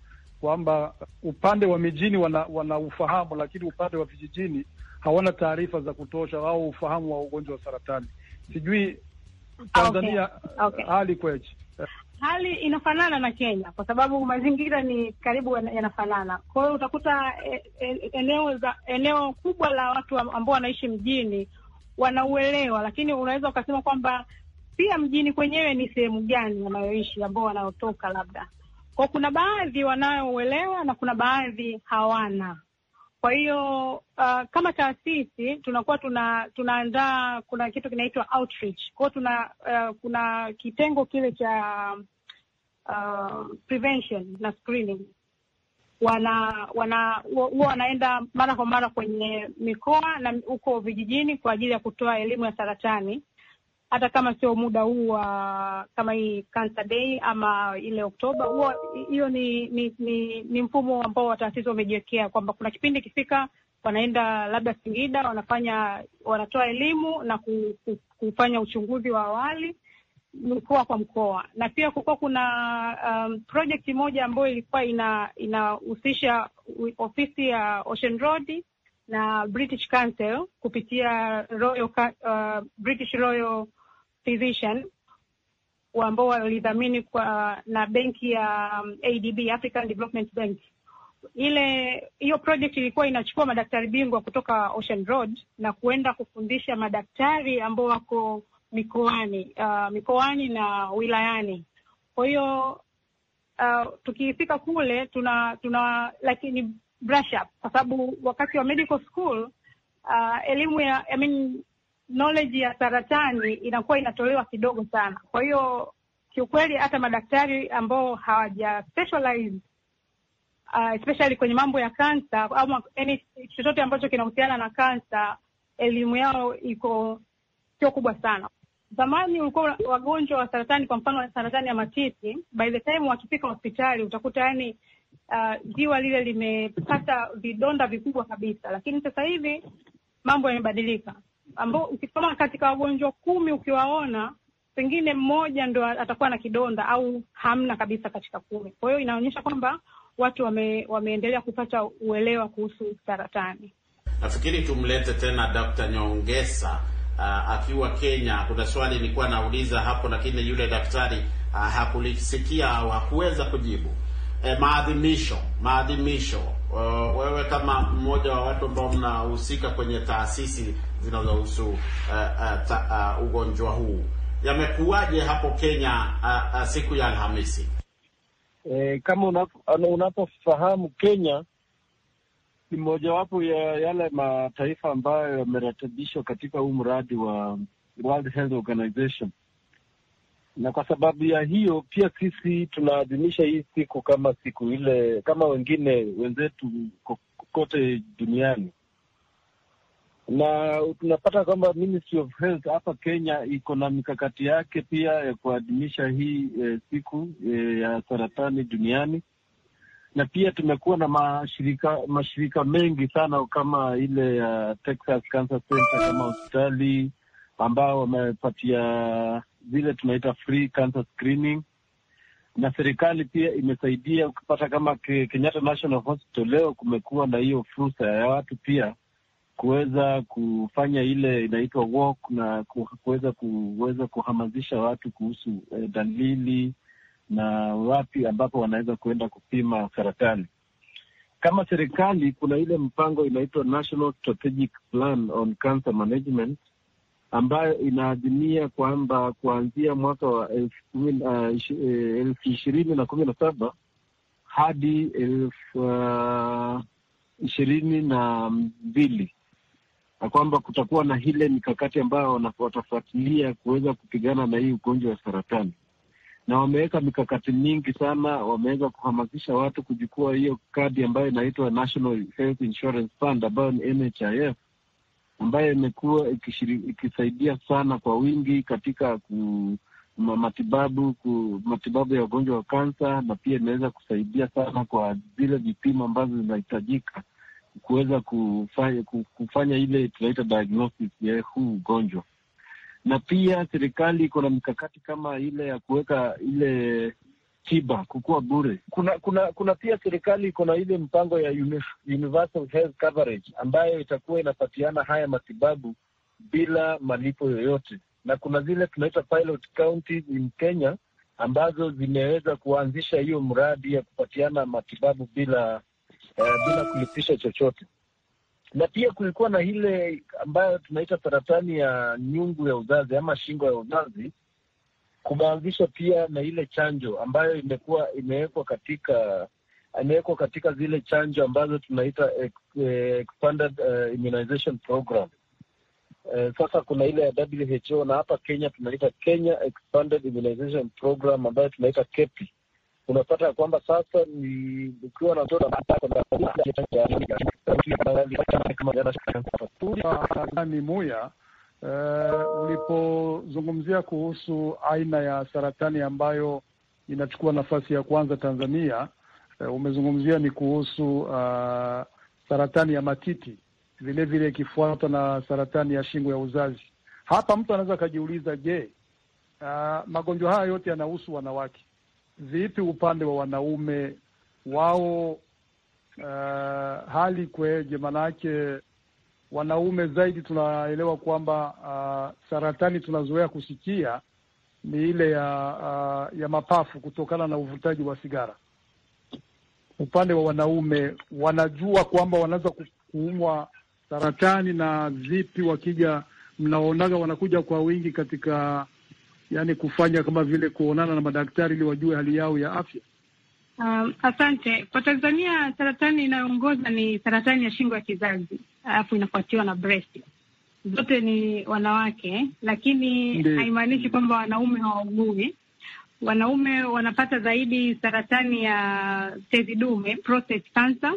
kwamba upande wa mijini wana, wana ufahamu lakini upande wa vijijini hawana taarifa za kutosha au ufahamu wa ugonjwa wa saratani. Sijui Tanzania okay. Okay. hali kweje? Hali inafanana na Kenya kwa sababu mazingira ni karibu yanafanana. Kwa hiyo utakuta eh, eh, eneo za eneo kubwa la watu ambao wanaishi mjini wanauelewa, lakini unaweza ukasema kwamba pia mjini kwenyewe ni sehemu gani wanayoishi ambao wanaotoka labda kwa, kuna baadhi wanaouelewa na kuna baadhi hawana. Kwa hiyo uh, kama taasisi tunakuwa tuna tunaandaa kuna kitu kinaitwa outreach kwao, tuna uh, kuna kitengo kile cha uh, prevention na screening wana wana huwa wanaenda mara kwa mara kwenye mikoa na huko vijijini kwa ajili ya kutoa elimu ya saratani, hata kama sio muda huu wa kama hii Cancer Day ama ile Oktoba. Huwa hiyo ni ni, ni ni mfumo ambao wataasisi wamejiwekea kwamba kuna kipindi ikifika wanaenda labda Singida, wanafanya wanatoa elimu na kufanya uchunguzi wa awali mkoa kwa mkoa, na pia kulikuwa kuna um, project moja ambayo ilikuwa inahusisha ina ofisi ya Ocean Road na British Council kupitia Royal, uh, British Royal Physician ambao walidhamini kwa na benki ya um, ADB, African Development Bank. Ile hiyo project ilikuwa inachukua madaktari bingwa kutoka Ocean Road na kuenda kufundisha madaktari ambao wako mikoani uh, mikoani na wilayani. Kwa hiyo uh, tukifika kule tuna tuna lakini brush up, kwa sababu wakati wa medical school uh, elimu ya I mean, knowledge ya saratani inakuwa inatolewa kidogo sana. Kwa hiyo kiukweli hata madaktari ambao hawaja specialize uh, especially kwenye mambo ya kansa au chochote ambacho kinahusiana na kansa, elimu yao iko sio kubwa sana zamani ulikuwa wagonjwa wa saratani, kwa mfano saratani ya matiti, by the time wakifika hospitali utakuta yani uh, jiwa lile limepata vidonda vikubwa kabisa, lakini sasa hivi mambo yamebadilika, ambao ukisoma katika wagonjwa kumi ukiwaona pengine mmoja ndo atakuwa na kidonda au hamna kabisa katika kumi. Kwa hiyo inaonyesha kwamba watu wame, wameendelea kupata uelewa kuhusu saratani. Nafikiri tumlete tena Dkt. Nyongesa uh, akiwa Kenya. Kuna swali nilikuwa nauliza hapo, lakini yule daktari uh, hakulisikia au hakuweza kujibu. E, maadhimisho maadhimisho. Uh, wewe kama mmoja wa watu ambao mnahusika kwenye taasisi zinazohusu uh, uh, ta, uh, ugonjwa huu yamekuwaje hapo Kenya uh, uh, siku ya Alhamisi? E, kama unapofahamu Kenya ni mojawapo ya yale mataifa ambayo yameratibishwa katika huu mradi wa World Health Organization, na kwa sababu ya hiyo pia sisi tunaadhimisha hii siku kama siku ile kama wengine wenzetu kote duniani, na tunapata kwamba Ministry of Health hapa Kenya iko na mikakati yake pia ya kuadhimisha hii eh, siku eh, ya saratani duniani na pia tumekuwa na mashirika mashirika mengi sana kama ile uh, Texas Cancer Center kama hospitali ambao wamepatia vile tunaita free cancer screening, na serikali pia imesaidia. Ukipata kama Kenyatta National Hospital, leo kumekuwa na hiyo fursa ya watu pia kuweza kufanya ile inaitwa walk na kuweza kuweza kuhamasisha watu kuhusu eh, dalili na wapi ambapo wanaweza kuenda kupima saratani. Kama serikali, kuna ile mpango inaitwa National Strategic Plan on Cancer Management ambayo inaadhimia kwamba kuanzia mwaka wa eh, eh, elfu ishirini na kumi na saba hadi elfu ah, ishirini na mbili na kwamba kutakuwa na ile mikakati ambayo watafuatilia kuweza kupigana na hii ugonjwa wa saratani na wameweka mikakati mingi sana. Wameweza kuhamasisha watu kuchukua hiyo kadi ambayo inaitwa National Health Insurance Fund ambayo ni NHIF, ambayo imekuwa ikisaidia sana kwa wingi katika ku, matibabu ku, matibabu ya ugonjwa wa kansa, na pia imeweza kusaidia sana kwa zile vipimo ambazo zinahitajika kuweza kufanya, kufanya ile tunaita diagnosis ya huu ugonjwa na pia serikali iko na mkakati kama ile ya kuweka ile tiba kukuwa bure. Kuna kuna kuna pia serikali iko na ile mpango ya universal health coverage ambayo itakuwa inapatiana haya matibabu bila malipo yoyote, na kuna zile tunaita pilot counties in Kenya ambazo zimeweza kuanzisha hiyo mradi ya kupatiana matibabu bila, uh, bila kulipisha chochote na pia kulikuwa na ile ambayo tunaita saratani ya nyungu ya uzazi ama shingo ya uzazi. Kumeanzishwa pia na ile chanjo ambayo imekuwa imewekwa katika imewekwa katika zile chanjo ambazo tunaita expanded eh, immunization program. Eh, sasa kuna ile ya WHO na hapa Kenya tunaita Kenya expanded immunization program ambayo tunaita KEPI unapata kwamba sasa ni ukiwa na mtoto ni muya uh, ulipozungumzia kuhusu aina ya saratani ambayo inachukua nafasi ya kwanza Tanzania, uh, umezungumzia ni kuhusu uh, saratani ya matiti, vilevile ikifuatwa na saratani ya shingo ya uzazi. Hapa mtu anaweza akajiuliza, je, uh, magonjwa haya yote yanahusu wanawake? Vipi upande wa wanaume wao, uh, hali kweje? Maanake wanaume zaidi tunaelewa kwamba uh, saratani tunazoea kusikia ni ile ya uh, ya mapafu kutokana na uvutaji wa sigara. Upande wa wanaume wanajua kwamba wanaweza kuumwa saratani, na vipi wakija, mnaonaga wanakuja kwa wingi katika yani kufanya kama vile kuonana na madaktari ili wajue hali yao ya afya? Um, asante. Kwa Tanzania saratani inayoongoza ni saratani ya shingo ya kizazi, alafu inafuatiwa na breast. Zote ni wanawake, lakini haimaanishi kwamba wanaume hawaugui. Wanaume wanapata zaidi saratani ya tezi dume, prostate cancer,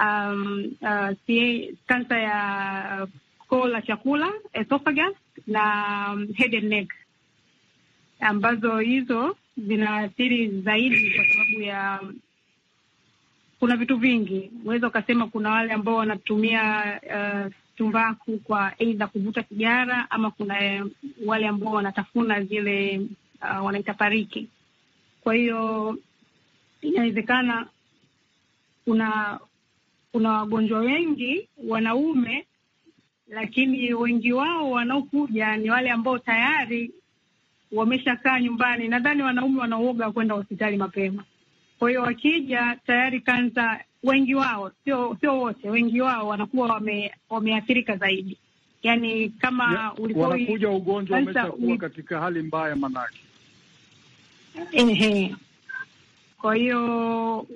um, uh, kansa ya koo la chakula, esophagus na um, head and neck ambazo hizo zinaathiri zaidi kwa sababu ya kuna vitu vingi. Unaweza ukasema kuna wale ambao wanatumia uh, tumbaku kwa aidha kuvuta sigara ama kuna eh, wale ambao wanatafuna zile uh, wanaita pariki. Kwa hiyo inawezekana kuna kuna wagonjwa wengi wanaume, lakini wengi wao wanaokuja ni wale ambao tayari wameshakaa nyumbani. Nadhani wanaume wanaoga kwenda hospitali mapema, kwa hiyo wakija tayari kansa, wengi wao, sio sio wote, wengi wao wanakuwa wame, wameathirika zaidi, yani kama ulikuwa wanakuja ugonjwa umeshakuwa katika hali mbaya manake Ehe. Kwa hiyo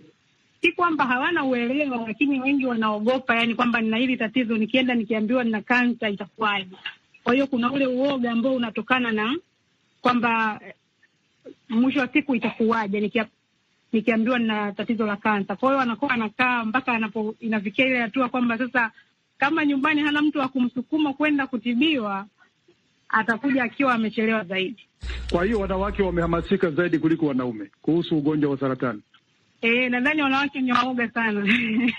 si kwamba hawana uelewa, lakini wengi wanaogopa, yani kwamba nina hili tatizo, nikienda nikiambiwa nina kansa itakuwaje? Kwa hiyo kuna ule uoga ambao unatokana na kwamba eh, mwisho wa siku itakuwaje nikia nikiambiwa nina tatizo la kansa. Kwa hiyo anakuwa anakaa mpaka anapo inafikia ile hatua kwamba sasa kama nyumbani hana mtu wa kumsukuma kwenda kutibiwa atakuja akiwa amechelewa zaidi. Kwa hiyo wanawake wamehamasika zaidi kuliko wanaume kuhusu ugonjwa wa saratani. E, nadhani wanawake ni waoga sana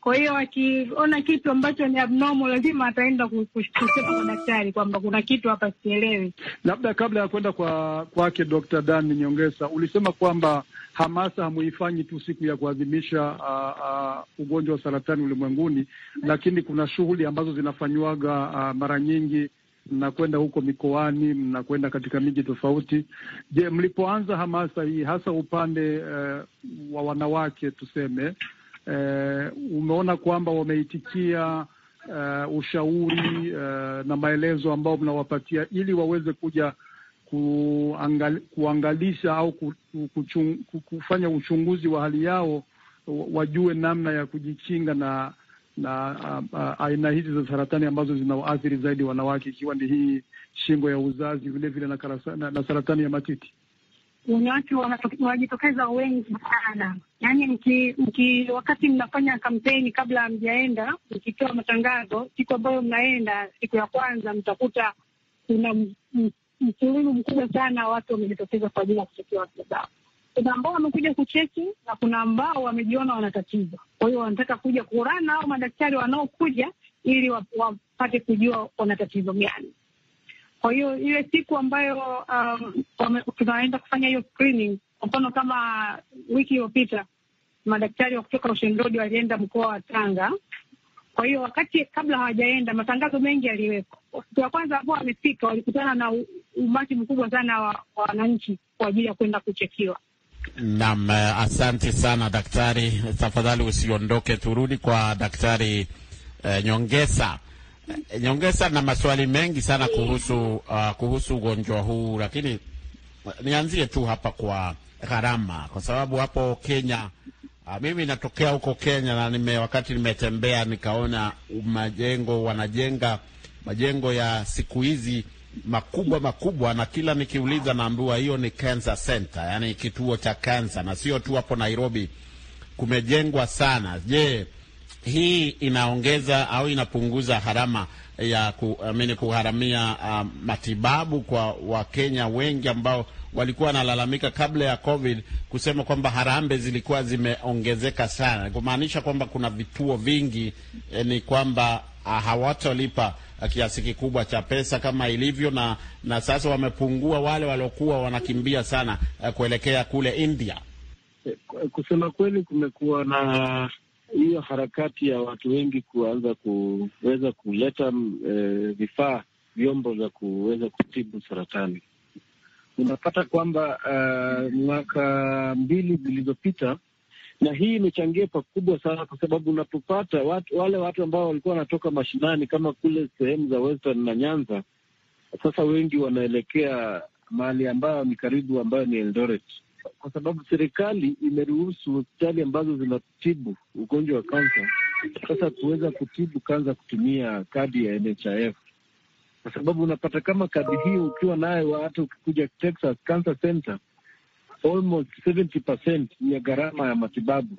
kwa hiyo wakiona kitu ambacho ni abnormal lazima ataenda kusema kwa daktari kwamba kuna kitu hapa sielewi. Labda kabla ya kwenda kwa kwake Dr. Dan Nyongesa, ulisema kwamba hamasa hamuifanyi tu siku ya kuadhimisha ugonjwa wa saratani ulimwenguni, lakini kuna shughuli ambazo zinafanywaga mara nyingi mnakwenda huko mikoani, mnakwenda katika miji tofauti. Je, mlipoanza hamasa hii hasa upande uh, wa wanawake tuseme, uh, umeona kwamba wameitikia uh, ushauri uh, na maelezo ambayo mnawapatia ili waweze kuja kuangalisha au kuchung, kufanya uchunguzi wa hali yao, wajue namna ya kujikinga na na uh, uh, aina hizi za saratani ambazo zinawaathiri zaidi wanawake, ikiwa ni hii shingo ya uzazi, vilevile na, na, na saratani ya matiti. Wanawake wanajitokeza wengi sana, yaani mki, mki, wakati mnafanya kampeni kabla hamjaenda, mkitoa matangazo siku ambayo mnaenda, siku ya kwanza, mtakuta kuna msururu mkubwa sana watu wamejitokeza kwa ajili ya kutetea afya zao kuna ambao wamekuja kucheki na kuna ambao wamejiona wana tatizo, kwa hiyo wanataka kuja kurana au madaktari wanaokuja ili wapate kujua wana tatizo gani. Kwa hiyo ile siku ambayo um, tunaenda kufanya hiyo screening, kwa mfano kama wiki iliyopita madaktari wa kutoka Ocean Road walienda mkoa wa Tanga. Kwa hiyo wakati kabla hawajaenda, matangazo mengi yaliwekwa. Siku ya kwanza ambao wamefika walikutana na umati mkubwa sana wa wananchi kwa ajili ya kwenda kuchekiwa. Naam, eh, asante sana daktari. Tafadhali usiondoke, turudi kwa daktari eh, Nyongesa. Eh, Nyongesa na maswali mengi sana kuhusu uh, kuhusu ugonjwa huu, lakini eh, nianzie tu hapa kwa gharama, kwa sababu hapo Kenya uh, mimi natokea huko Kenya na nime, wakati nimetembea nikaona majengo wanajenga majengo ya siku hizi makubwa makubwa, na kila nikiuliza naambiwa hiyo ni cancer center, yani kituo cha kansa, na sio tu hapo Nairobi kumejengwa sana. Je, hii inaongeza au inapunguza gharama ya ku, amini kugharamia uh, matibabu kwa Wakenya wengi ambao walikuwa wanalalamika kabla ya COVID kusema kwamba harambee zilikuwa zimeongezeka sana, kumaanisha kwamba kuna vituo vingi eh, ni kwamba Ah, hawatolipa kiasi kikubwa cha pesa kama ilivyo na, na sasa wamepungua wale waliokuwa wanakimbia sana eh, kuelekea kule India. Eh, kusema kweli, kumekuwa na hiyo harakati ya watu wengi kuanza kuweza kuleta e, vifaa vyombo vya kuweza kutibu saratani. Unapata kwamba uh, mwaka mbili zilizopita na hii imechangia pakubwa sana, kwa sababu unapopata watu, wale watu ambao walikuwa wanatoka mashinani kama kule sehemu za Western na Nyanza, sasa wengi wanaelekea mahali ambayo ni karibu, ambayo ni Eldoret, kwa sababu serikali imeruhusu hospitali ambazo zinatibu ugonjwa wa kansa sasa kuweza kutibu kansa kutumia kadi ya NHIF kwa sababu unapata kama kadi hii ukiwa nayo, hata ukikuja Texas Cancer Center almost 70% ya gharama ya matibabu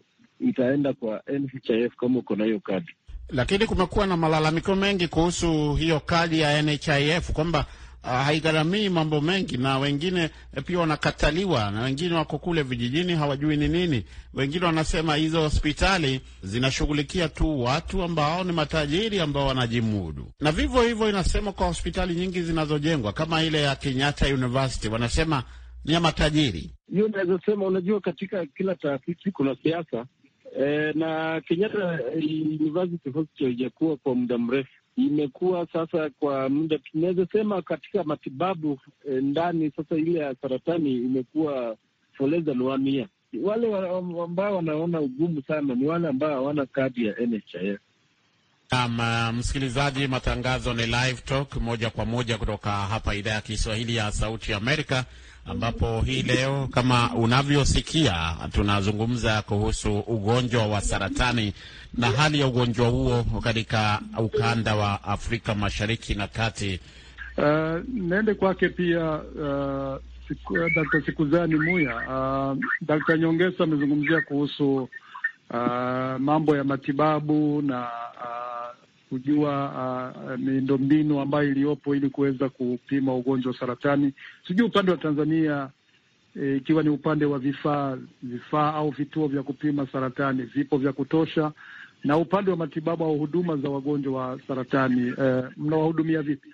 itaenda kwa NHIF kama uko na hiyo kadi. Lakini kumekuwa na malalamiko mengi kuhusu hiyo kadi ya NHIF kwamba uh, haigharamii mambo mengi, na wengine eh, pia wanakataliwa, na wengine wako kule vijijini hawajui ni nini. Wengine wanasema hizo hospitali zinashughulikia tu watu ambao ni matajiri ambao wanajimudu, na vivyo hivyo inasema kwa hospitali nyingi zinazojengwa kama ile ya Kenyatta University wanasema ya matajiri Hiyo naweza sema, unajua katika kila taasisi kuna siasa e, na Kenyatta University Hospital haijakuwa kwa muda mrefu, imekuwa sasa kwa muda tunaweza sema katika matibabu e, ndani sasa ile ya saratani imekuwa foleza nuania. Wale ambao wanaona ugumu sana ni wale ambao hawana kadi ya NHIF. Naam, uh, msikilizaji, matangazo ni Live Talk moja kwa moja kutoka hapa idhaa ya Kiswahili ya Sauti Amerika ambapo hii leo kama unavyosikia tunazungumza kuhusu ugonjwa wa saratani na hali ya ugonjwa huo katika ukanda wa Afrika Mashariki na Kati. Uh, eh, naende kwake pia uh, siku, eh, Dakta Sikuzani Muya uh, Dakta Nyongesa amezungumzia kuhusu uh, mambo ya matibabu na uh, kujua uh, ah, ah, miundombinu ambayo iliyopo ili kuweza kupima ugonjwa wa saratani. Sijui upande wa Tanzania eh, ikiwa e, ni upande wa vifaa vifaa au vituo vya kupima saratani vipo vya kutosha, na upande wa matibabu au huduma za wagonjwa wa saratani e, mnawahudumia vipi?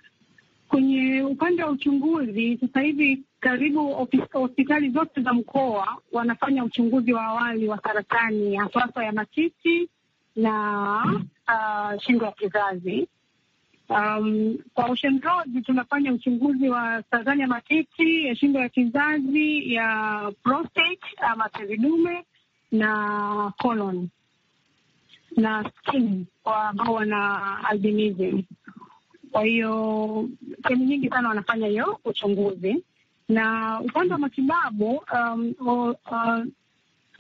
Kwenye upande wa uchunguzi, sasa hivi karibu hospitali zote za mkoa wanafanya uchunguzi wa awali wa saratani, hasa ya matiti na uh, shingo ya kizazi. Um, kwa Ocean Road tunafanya uchunguzi wa saratani ya matiti, ya shingo ya kizazi, ya prostate ama tezi dume na colon na skin ambao wana albinism. Kwa hiyo sehemu nyingi sana wanafanya hiyo uchunguzi na upande wa matibabu um, uh,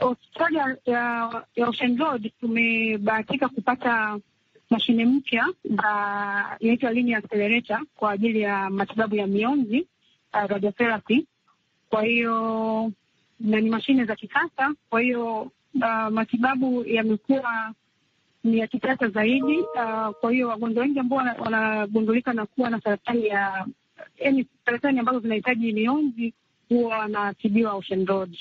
hospitali ya, ya Ocean Road tumebahatika kupata mashine mpya za inaitwa linear accelerator kwa ajili ya matibabu ya mionzi uh, radiotherapy. Kwa hiyo na ni mashine za kisasa, kwa hiyo uh, matibabu yamekuwa ni ya kisasa zaidi uh, kwa hiyo wagonjwa wengi ambao wanagundulika na kuwa na saratani ya yani, saratani ambazo zinahitaji mionzi huwa wanatibiwa Ocean Road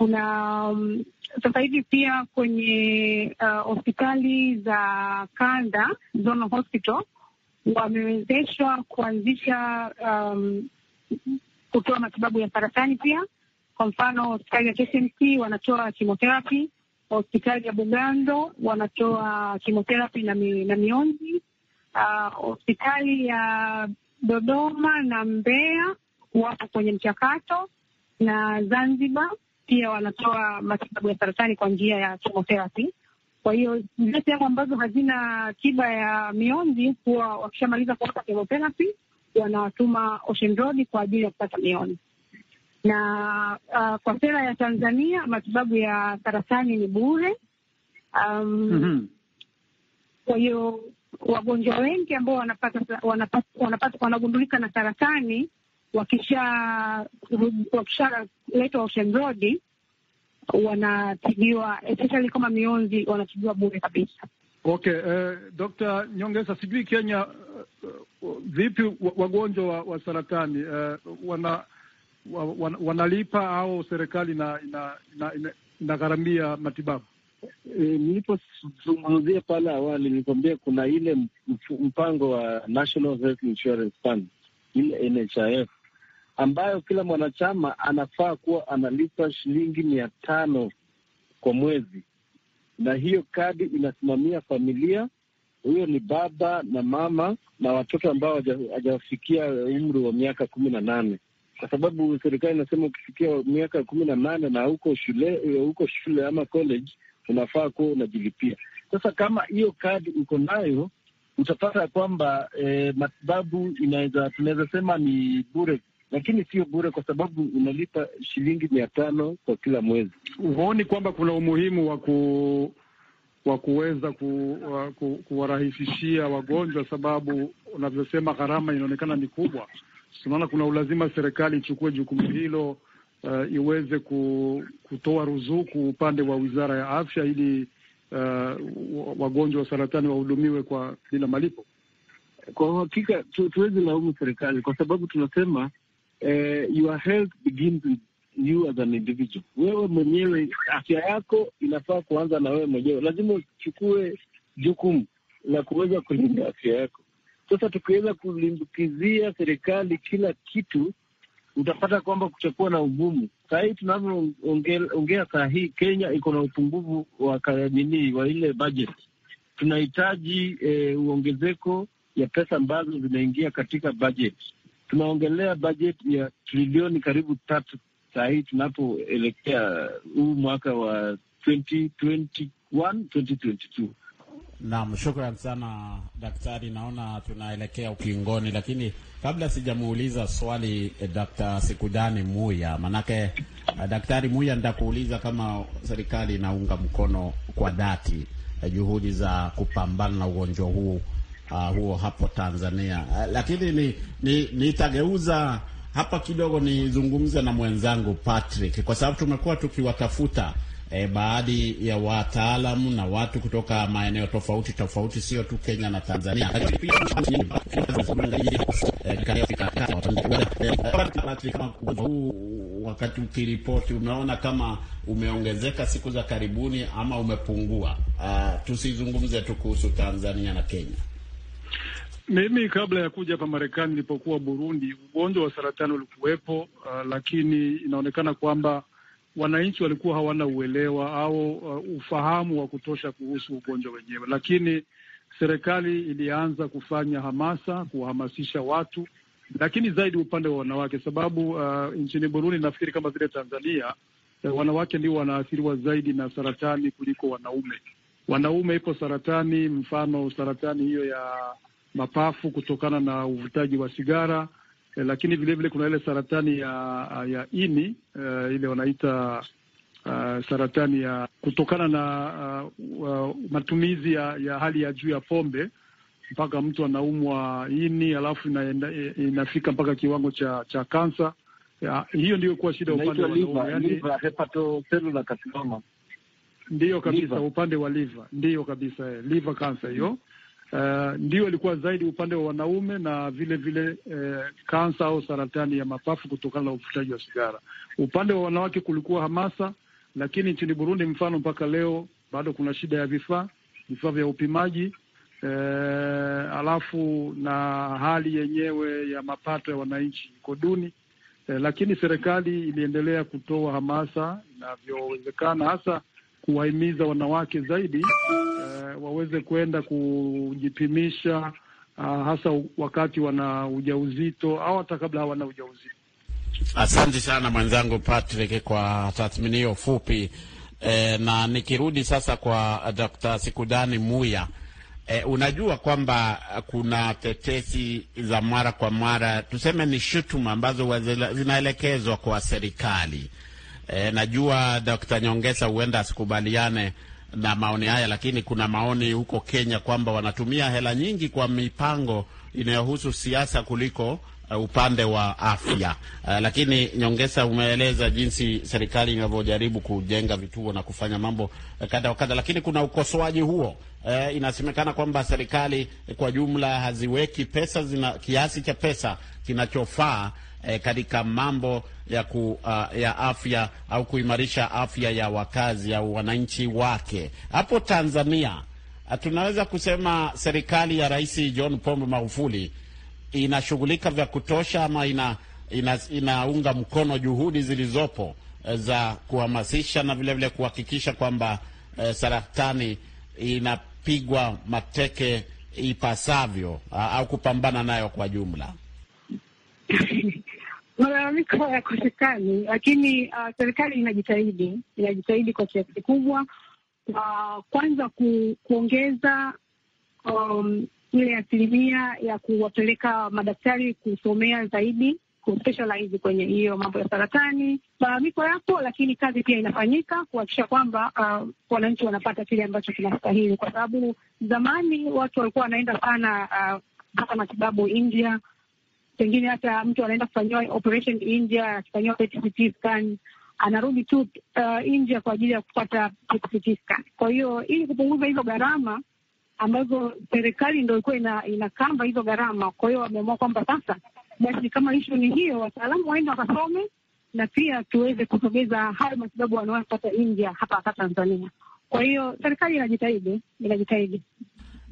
kuna um, sasa hivi pia kwenye uh, hospitali za kanda zona hospital wamewezeshwa kuanzisha um, kutoa matibabu ya saratani pia. Kwa mfano hospitali ya KCMC wanatoa kimotherapi hospitali ya Bugando wanatoa kimotherapi na, mi, na mionzi uh, hospitali uh, ya Dodoma na Mbeya wapo kwenye mchakato na Zanzibar pia wanatoa matibabu ya saratani kwa njia ya chemotherapy. Kwa hiyo zile sehemu ambazo hazina tiba ya mionzi, huwa wakishamaliza kuwapa chemotherapy wanawatuma Ocean Road kwa ajili ya kupata mionzi. Na uh, kwa sera ya Tanzania matibabu ya saratani ni bure. Um, mm -hmm. Kwa hiyo wagonjwa wengi ambao wanapata wanapata wanagundulika na saratani wakishaletwa Ocean Road wanatibiwa especially kama mionzi, wanatibiwa bure kabisa. Okay, eh, Dr. Nyongesa, sijui Kenya uh, vipi wagonjwa wa, wa saratani uh, wana, wa, wana, wanalipa au serikali inagharamia ina, ina, ina matibabu? E, nilipozungumzia pale awali nilikwambia kuna ile mpango wa National Health Insurance Fund ile NHIF ambayo kila mwanachama anafaa kuwa analipa shilingi mia tano kwa mwezi, na hiyo kadi inasimamia familia. Huyo ni baba na mama na watoto ambao hawajafikia umri wa miaka kumi na nane kwa sababu serikali inasema ukifikia miaka kumi na nane na huko shule, huko shule ama college unafaa kuwa unajilipia. Sasa kama hiyo kadi uko nayo utapata kwamba eh, matibabu tunaweza sema ni bure lakini sio bure, kwa sababu unalipa shilingi mia tano kwa kila mwezi. Huoni kwamba kuna umuhimu wa ku wa kuweza ku, ku, kuwarahisishia wagonjwa, sababu unavyosema gharama inaonekana ni kubwa. Tunaona kuna ulazima serikali ichukue jukumu hilo, uh, iweze ku, kutoa ruzuku upande wa wizara ya afya ili uh, wagonjwa wa saratani wahudumiwe kwa bila malipo. Kwa uhakika tu, tuwezi laumu serikali kwa sababu tunasema eh, your health begins with you as an individual. Wewe mwenyewe afya yako inafaa kuanza na wewe mwenyewe, lazima uchukue jukumu la kuweza kulinda afya yako. Sasa tukiweza kulimbukizia serikali kila kitu, utapata kwamba kutakuwa na ugumu. Saa hii tunavyoongea, saa hii Kenya iko na upungufu wa kanini wa ile budget. Tunahitaji eh, uongezeko ya pesa ambazo zinaingia katika budget tunaongelea bajeti ya trilioni karibu tatu saa hii tunapoelekea huu mwaka wa 2021 2022. Naam, shukran sana daktari. Naona tunaelekea ukingoni, lakini kabla sijamuuliza swali eh, Dkt. Sikudani Muya, manake eh, Daktari Muya, nitakuuliza kama serikali inaunga mkono kwa dhati eh, juhudi za kupambana na ugonjwa huu uh, huo hapo Tanzania. Uh, lakini ni, ni, nitageuza hapa kidogo nizungumze na mwenzangu Patrick kwa sababu tumekuwa tukiwatafuta E, baadhi ya wataalamu na watu kutoka maeneo tofauti tofauti, sio tu Kenya na Tanzania. Wakati ukiripoti, umeona kama umeongezeka siku za karibuni ama umepungua? Uh, tusizungumze tu kuhusu Tanzania na Kenya. Mimi kabla ya kuja hapa Marekani, nilipokuwa Burundi, ugonjwa wa saratani ulikuwepo, uh, lakini inaonekana kwamba wananchi walikuwa hawana uelewa au uh, ufahamu wa kutosha kuhusu ugonjwa wenyewe, lakini serikali ilianza kufanya hamasa, kuwahamasisha watu, lakini zaidi upande wa wanawake, sababu uh, nchini Burundi nafikiri kama vile Tanzania, uh, wanawake ndio wanaathiriwa zaidi na saratani kuliko wanaume. Wanaume ipo saratani, mfano saratani hiyo ya mapafu kutokana na uvutaji wa sigara eh, lakini vilevile vile kuna ile saratani ya ya ini eh, ile wanaita uh, saratani ya kutokana na uh, uh, matumizi ya, ya hali ya juu ya pombe mpaka mtu anaumwa ini alafu ina, eh, inafika mpaka kiwango cha cha kansa. Hiyo ndiyo kuwa shida upande wa liver, yani, liver, hepatocellular carcinoma ndiyo kabisa liver. Upande wa liver ndiyo kabisa eh, liver cancer hiyo mm. Uh, ndio ilikuwa zaidi upande wa wanaume na vile vile eh, kansa au saratani ya mapafu kutokana na uvutaji wa sigara. Upande wa wanawake kulikuwa hamasa, lakini nchini Burundi mfano mpaka leo bado kuna shida ya vifaa vifaa vya upimaji eh, alafu na hali yenyewe ya mapato ya wananchi iko duni eh, lakini serikali iliendelea kutoa hamasa inavyowezekana hasa kuwahimiza wanawake zaidi uh, waweze kwenda kujipimisha uh, hasa wakati wana ujauzito au hata kabla hawana ujauzito. Asante sana mwenzangu Patrick kwa tathmini hiyo fupi. E, na nikirudi sasa kwa Dr. Sikudani Muya e, unajua kwamba kuna tetesi za mara kwa mara, tuseme ni shutuma ambazo zinaelekezwa kwa serikali E, najua Dr. Nyongesa huenda asikubaliane na maoni haya, lakini kuna maoni huko Kenya kwamba wanatumia hela nyingi kwa mipango inayohusu siasa kuliko uh, upande wa afya. Uh, lakini Nyongesa, umeeleza jinsi serikali inavyojaribu kujenga vituo na kufanya mambo kadha wa kadha, lakini kuna ukosoaji huo. Uh, inasemekana kwamba serikali kwa jumla haziweki pesa zina, kiasi cha pesa kinachofaa eh, katika mambo ya, ku, uh, ya afya au kuimarisha afya ya wakazi au wananchi wake. Hapo Tanzania ah, tunaweza kusema serikali ya Rais John Pombe Magufuli inashughulika vya kutosha ama ina, ina, inaunga mkono juhudi zilizopo eh, za kuhamasisha na vilevile kuhakikisha kwamba eh, saratani inapigwa mateke ipasavyo ah, au kupambana nayo kwa jumla. Malalamiko hayakosekani, lakini uh, serikali inajitahidi inajitahidi kwa kiasi kikubwa, uh, kwanza ku, kuongeza um, ile asilimia ya kuwapeleka madaktari kusomea zaidi kuspecialize kwenye hiyo mambo ya saratani. Malalamiko yapo, lakini kazi pia inafanyika kuhakikisha kwamba uh, wananchi wanapata kile ambacho kinastahili, kwa sababu zamani watu walikuwa wanaenda sana uh, hata matibabu India pengine hata mtu anaenda kufanyiwa operation India, akifanyiwa PET scan anarudi tu uh, India kwa ajili ya kupata PET scan. Kwa hiyo ili kupunguza hizo gharama ambazo serikali ndo ilikuwa ina, inakamba hizo gharama, kwa hiyo wameamua kwamba sasa basi kama ishu ni hiyo, wataalamu waende wakasome na pia tuweze kusogeza hayo matibabu wanayopata India hapa hapa Tanzania. Kwa hiyo serikali inajitahidi, inajitahidi.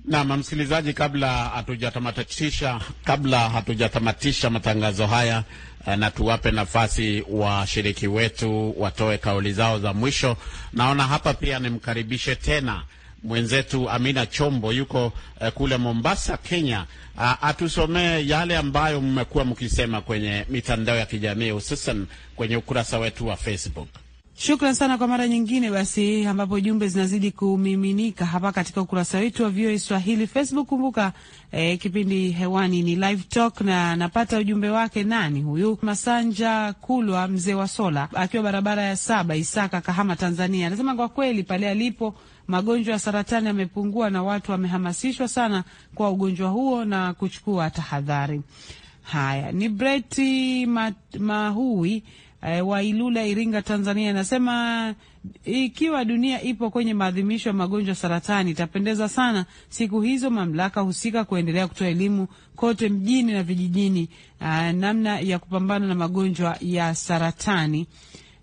Naam, msikilizaji, kabla hatujatamatisha kabla hatujatamatisha matangazo haya eh, na tuwape nafasi washiriki wetu watoe kauli zao za mwisho. Naona hapa pia nimkaribishe tena mwenzetu Amina Chombo yuko eh, kule Mombasa, Kenya. A, ah, atusomee yale ambayo mmekuwa mkisema kwenye mitandao ya kijamii hususan kwenye ukurasa wetu wa Facebook. Shukran sana kwa mara nyingine basi, ambapo jumbe zinazidi kumiminika hapa katika ukurasa wetu wa VOA Swahili Facebook. Kumbuka eh, kipindi hewani ni Live Talk na napata ujumbe wake. Nani huyu? Masanja Kulwa, mzee wa sola, akiwa barabara ya saba, Isaka, Kahama, Tanzania, anasema kwa kweli pale alipo magonjwa ya saratani yamepungua na watu wamehamasishwa sana kwa ugonjwa huo na kuchukua tahadhari. Haya ni Breti Mahui eh, wa Ilula, Iringa, Tanzania, anasema ikiwa dunia ipo kwenye maadhimisho ya magonjwa saratani, itapendeza sana siku hizo mamlaka husika kuendelea kutoa elimu kote mjini na vijijini, eh, namna ya kupambana na magonjwa ya saratani.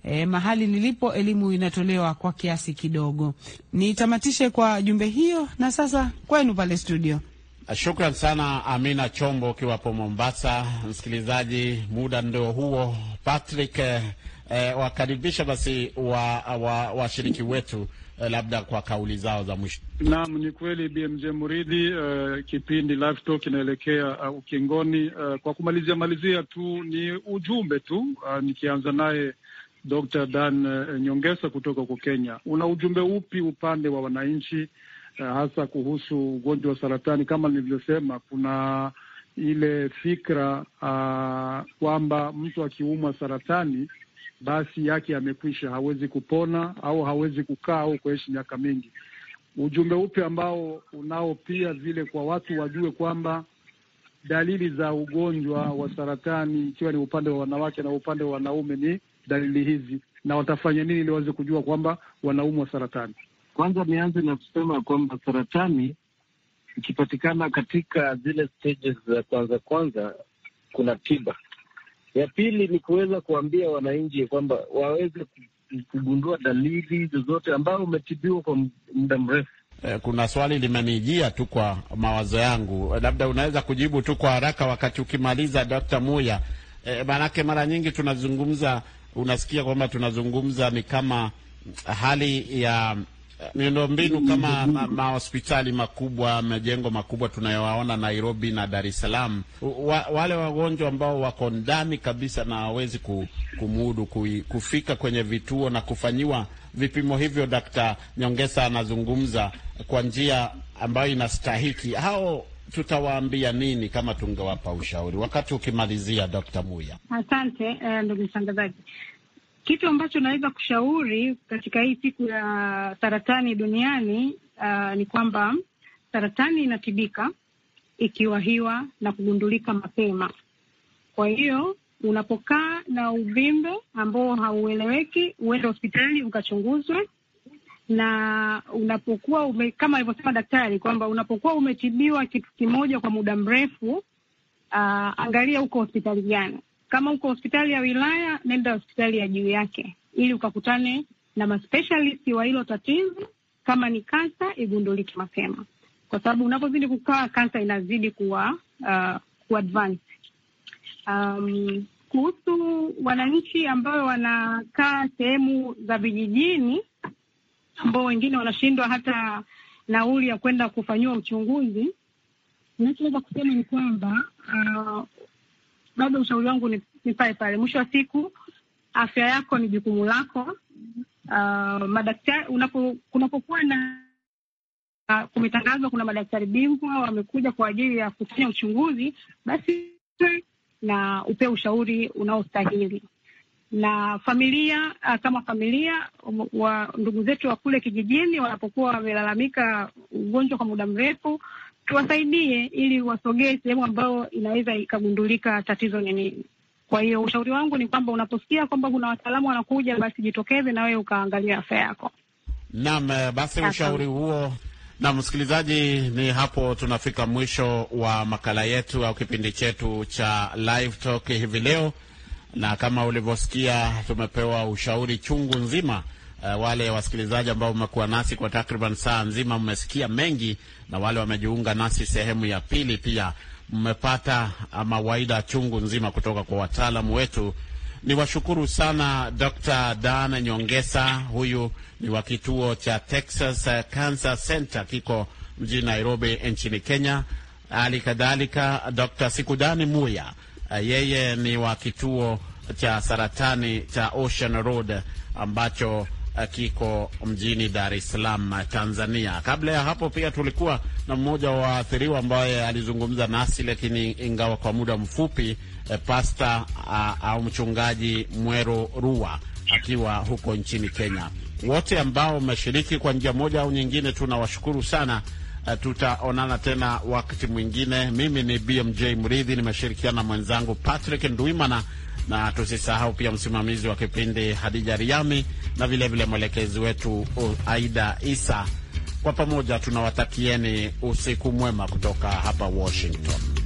Eh, mahali lilipo elimu inatolewa kwa kiasi kidogo. Nitamatishe kwa jumbe hiyo, na sasa kwenu pale studio. Uh, shukran sana Amina Chombo ukiwapo Mombasa. Msikilizaji, muda ndio huo. Patrick, eh, eh wakaribisha basi washiriki wa, wa wetu eh, labda kwa kauli zao za mwisho. Naam, ni kweli BMJ Muridhi, eh, kipindi Live Talk kinaelekea uh, ukingoni. Uh, kwa kumalizia malizia tu ni ujumbe tu uh, nikianza naye Dr. Dan uh, Nyongesa kutoka huko Kenya, una ujumbe upi upande wa wananchi Eh, hasa kuhusu ugonjwa wa saratani. Kama nilivyosema, kuna ile fikra ah, kwamba mtu akiumwa saratani basi yake amekwisha, hawezi kupona au hawezi kukaa au kuishi miaka mingi. Ujumbe upi ambao unao pia vile kwa watu wajue kwamba dalili za ugonjwa wa saratani ikiwa ni upande wa wanawake na upande wa wanaume ni dalili hizi, na watafanya nini ili waweze kujua kwamba wanaumwa saratani? Kwanza nianze na kusema kwamba saratani ikipatikana katika zile stages za kwanza kwanza, kuna tiba. Ya pili ni kuweza kuambia wananchi kwamba waweze kugundua dalili zozote ambao umetibiwa kwa muda mrefu. Eh, kuna swali limenijia tu kwa mawazo yangu, labda unaweza kujibu tu kwa haraka wakati ukimaliza, d Muya. E, maanake mara nyingi tunazungumza, unasikia kwamba tunazungumza ni kama hali ya miundombinu kama mahospitali ma makubwa, majengo makubwa tunayowaona Nairobi na Dar es Salaam, wa, wale wagonjwa ambao wako ndani kabisa na hawawezi kumudu kufika kwenye vituo na kufanyiwa vipimo hivyo, Dakta Nyongesa anazungumza kwa njia ambayo inastahiki, hao tutawaambia nini kama tungewapa ushauri? Wakati ukimalizia, Dakta Muya. Asante eh, ndugu mtangazaji. Kitu ambacho naweza kushauri katika hii siku ya saratani duniani uh, ni kwamba saratani inatibika ikiwahiwa na kugundulika mapema. Kwa hiyo unapokaa na uvimbe ambao haueleweki, uende hospitali ukachunguzwe, na unapokuwa ume, kama alivyosema daktari kwamba unapokuwa umetibiwa kitu kimoja kwa muda mrefu, uh, angalia uko hospitali gani kama uko hospitali ya wilaya, nenda hospitali ya juu yake, ili ukakutane na maspecialist wa hilo tatizo, kama ni kansa igundulike mapema, kwa sababu unapozidi kukaa kansa inazidi kuwa uh, kuadvance. Um, kuhusu wananchi ambao wanakaa sehemu za vijijini, ambao wengine wanashindwa hata nauli ya kwenda kufanyiwa uchunguzi, unachoweza kusema ni kwamba uh, bado ushauri wangu ni, ni pale pale. Mwisho wa siku afya yako ni jukumu lako. Uh, madaktari unapo, kunapokuwa na uh, kumetangazwa kuna madaktari bingwa wamekuja kwa ajili ya kufanya uchunguzi, basi na upewe ushauri unaostahili na familia uh, kama familia um, wa ndugu zetu wa kule kijijini wanapokuwa wamelalamika ugonjwa kwa muda mrefu, tuwasaidie ili wasogee sehemu ambayo inaweza ikagundulika tatizo ni nini. Kwa hiyo ushauri wangu ni kwamba unaposikia kwamba kuna wataalamu wanakuja, basi jitokeze na wewe ukaangalia afya yako. Naam, eh, basi ushauri huo na msikilizaji, ni hapo tunafika mwisho wa makala yetu au kipindi chetu cha Live Talk hivi leo, na kama ulivyosikia tumepewa ushauri chungu nzima uh, wale wasikilizaji ambao mmekuwa nasi kwa takriban saa nzima, mmesikia mengi, na wale wamejiunga nasi sehemu ya pili pia mmepata ah, mawaida chungu nzima kutoka kwa wataalamu wetu. Ni washukuru sana Dr. Dan Nyongesa, huyu ni wa kituo cha Texas Cancer eh, Center kiko mjini Nairobi nchini Kenya. Hali kadhalika Dr. Sikudani Muya, eh, yeye ni wa kituo cha saratani cha Ocean Road ambacho kiko mjini Dar es Salaam, Tanzania. Kabla ya hapo pia tulikuwa na mmoja wa waathiriwa ambaye alizungumza nasi, lakini ingawa kwa muda mfupi, eh, pasta au mchungaji Mwero Rua akiwa huko nchini Kenya. Wote ambao mmeshiriki kwa njia moja au nyingine, tunawashukuru sana. Eh, tutaonana tena wakati mwingine. Mimi ni BMJ Mridhi, nimeshirikiana na mwenzangu Patrick Ndwimana na tusisahau pia msimamizi wa kipindi Hadija Riami na vilevile mwelekezi wetu Aida Isa. Kwa pamoja tunawatakieni usiku mwema kutoka hapa Washington.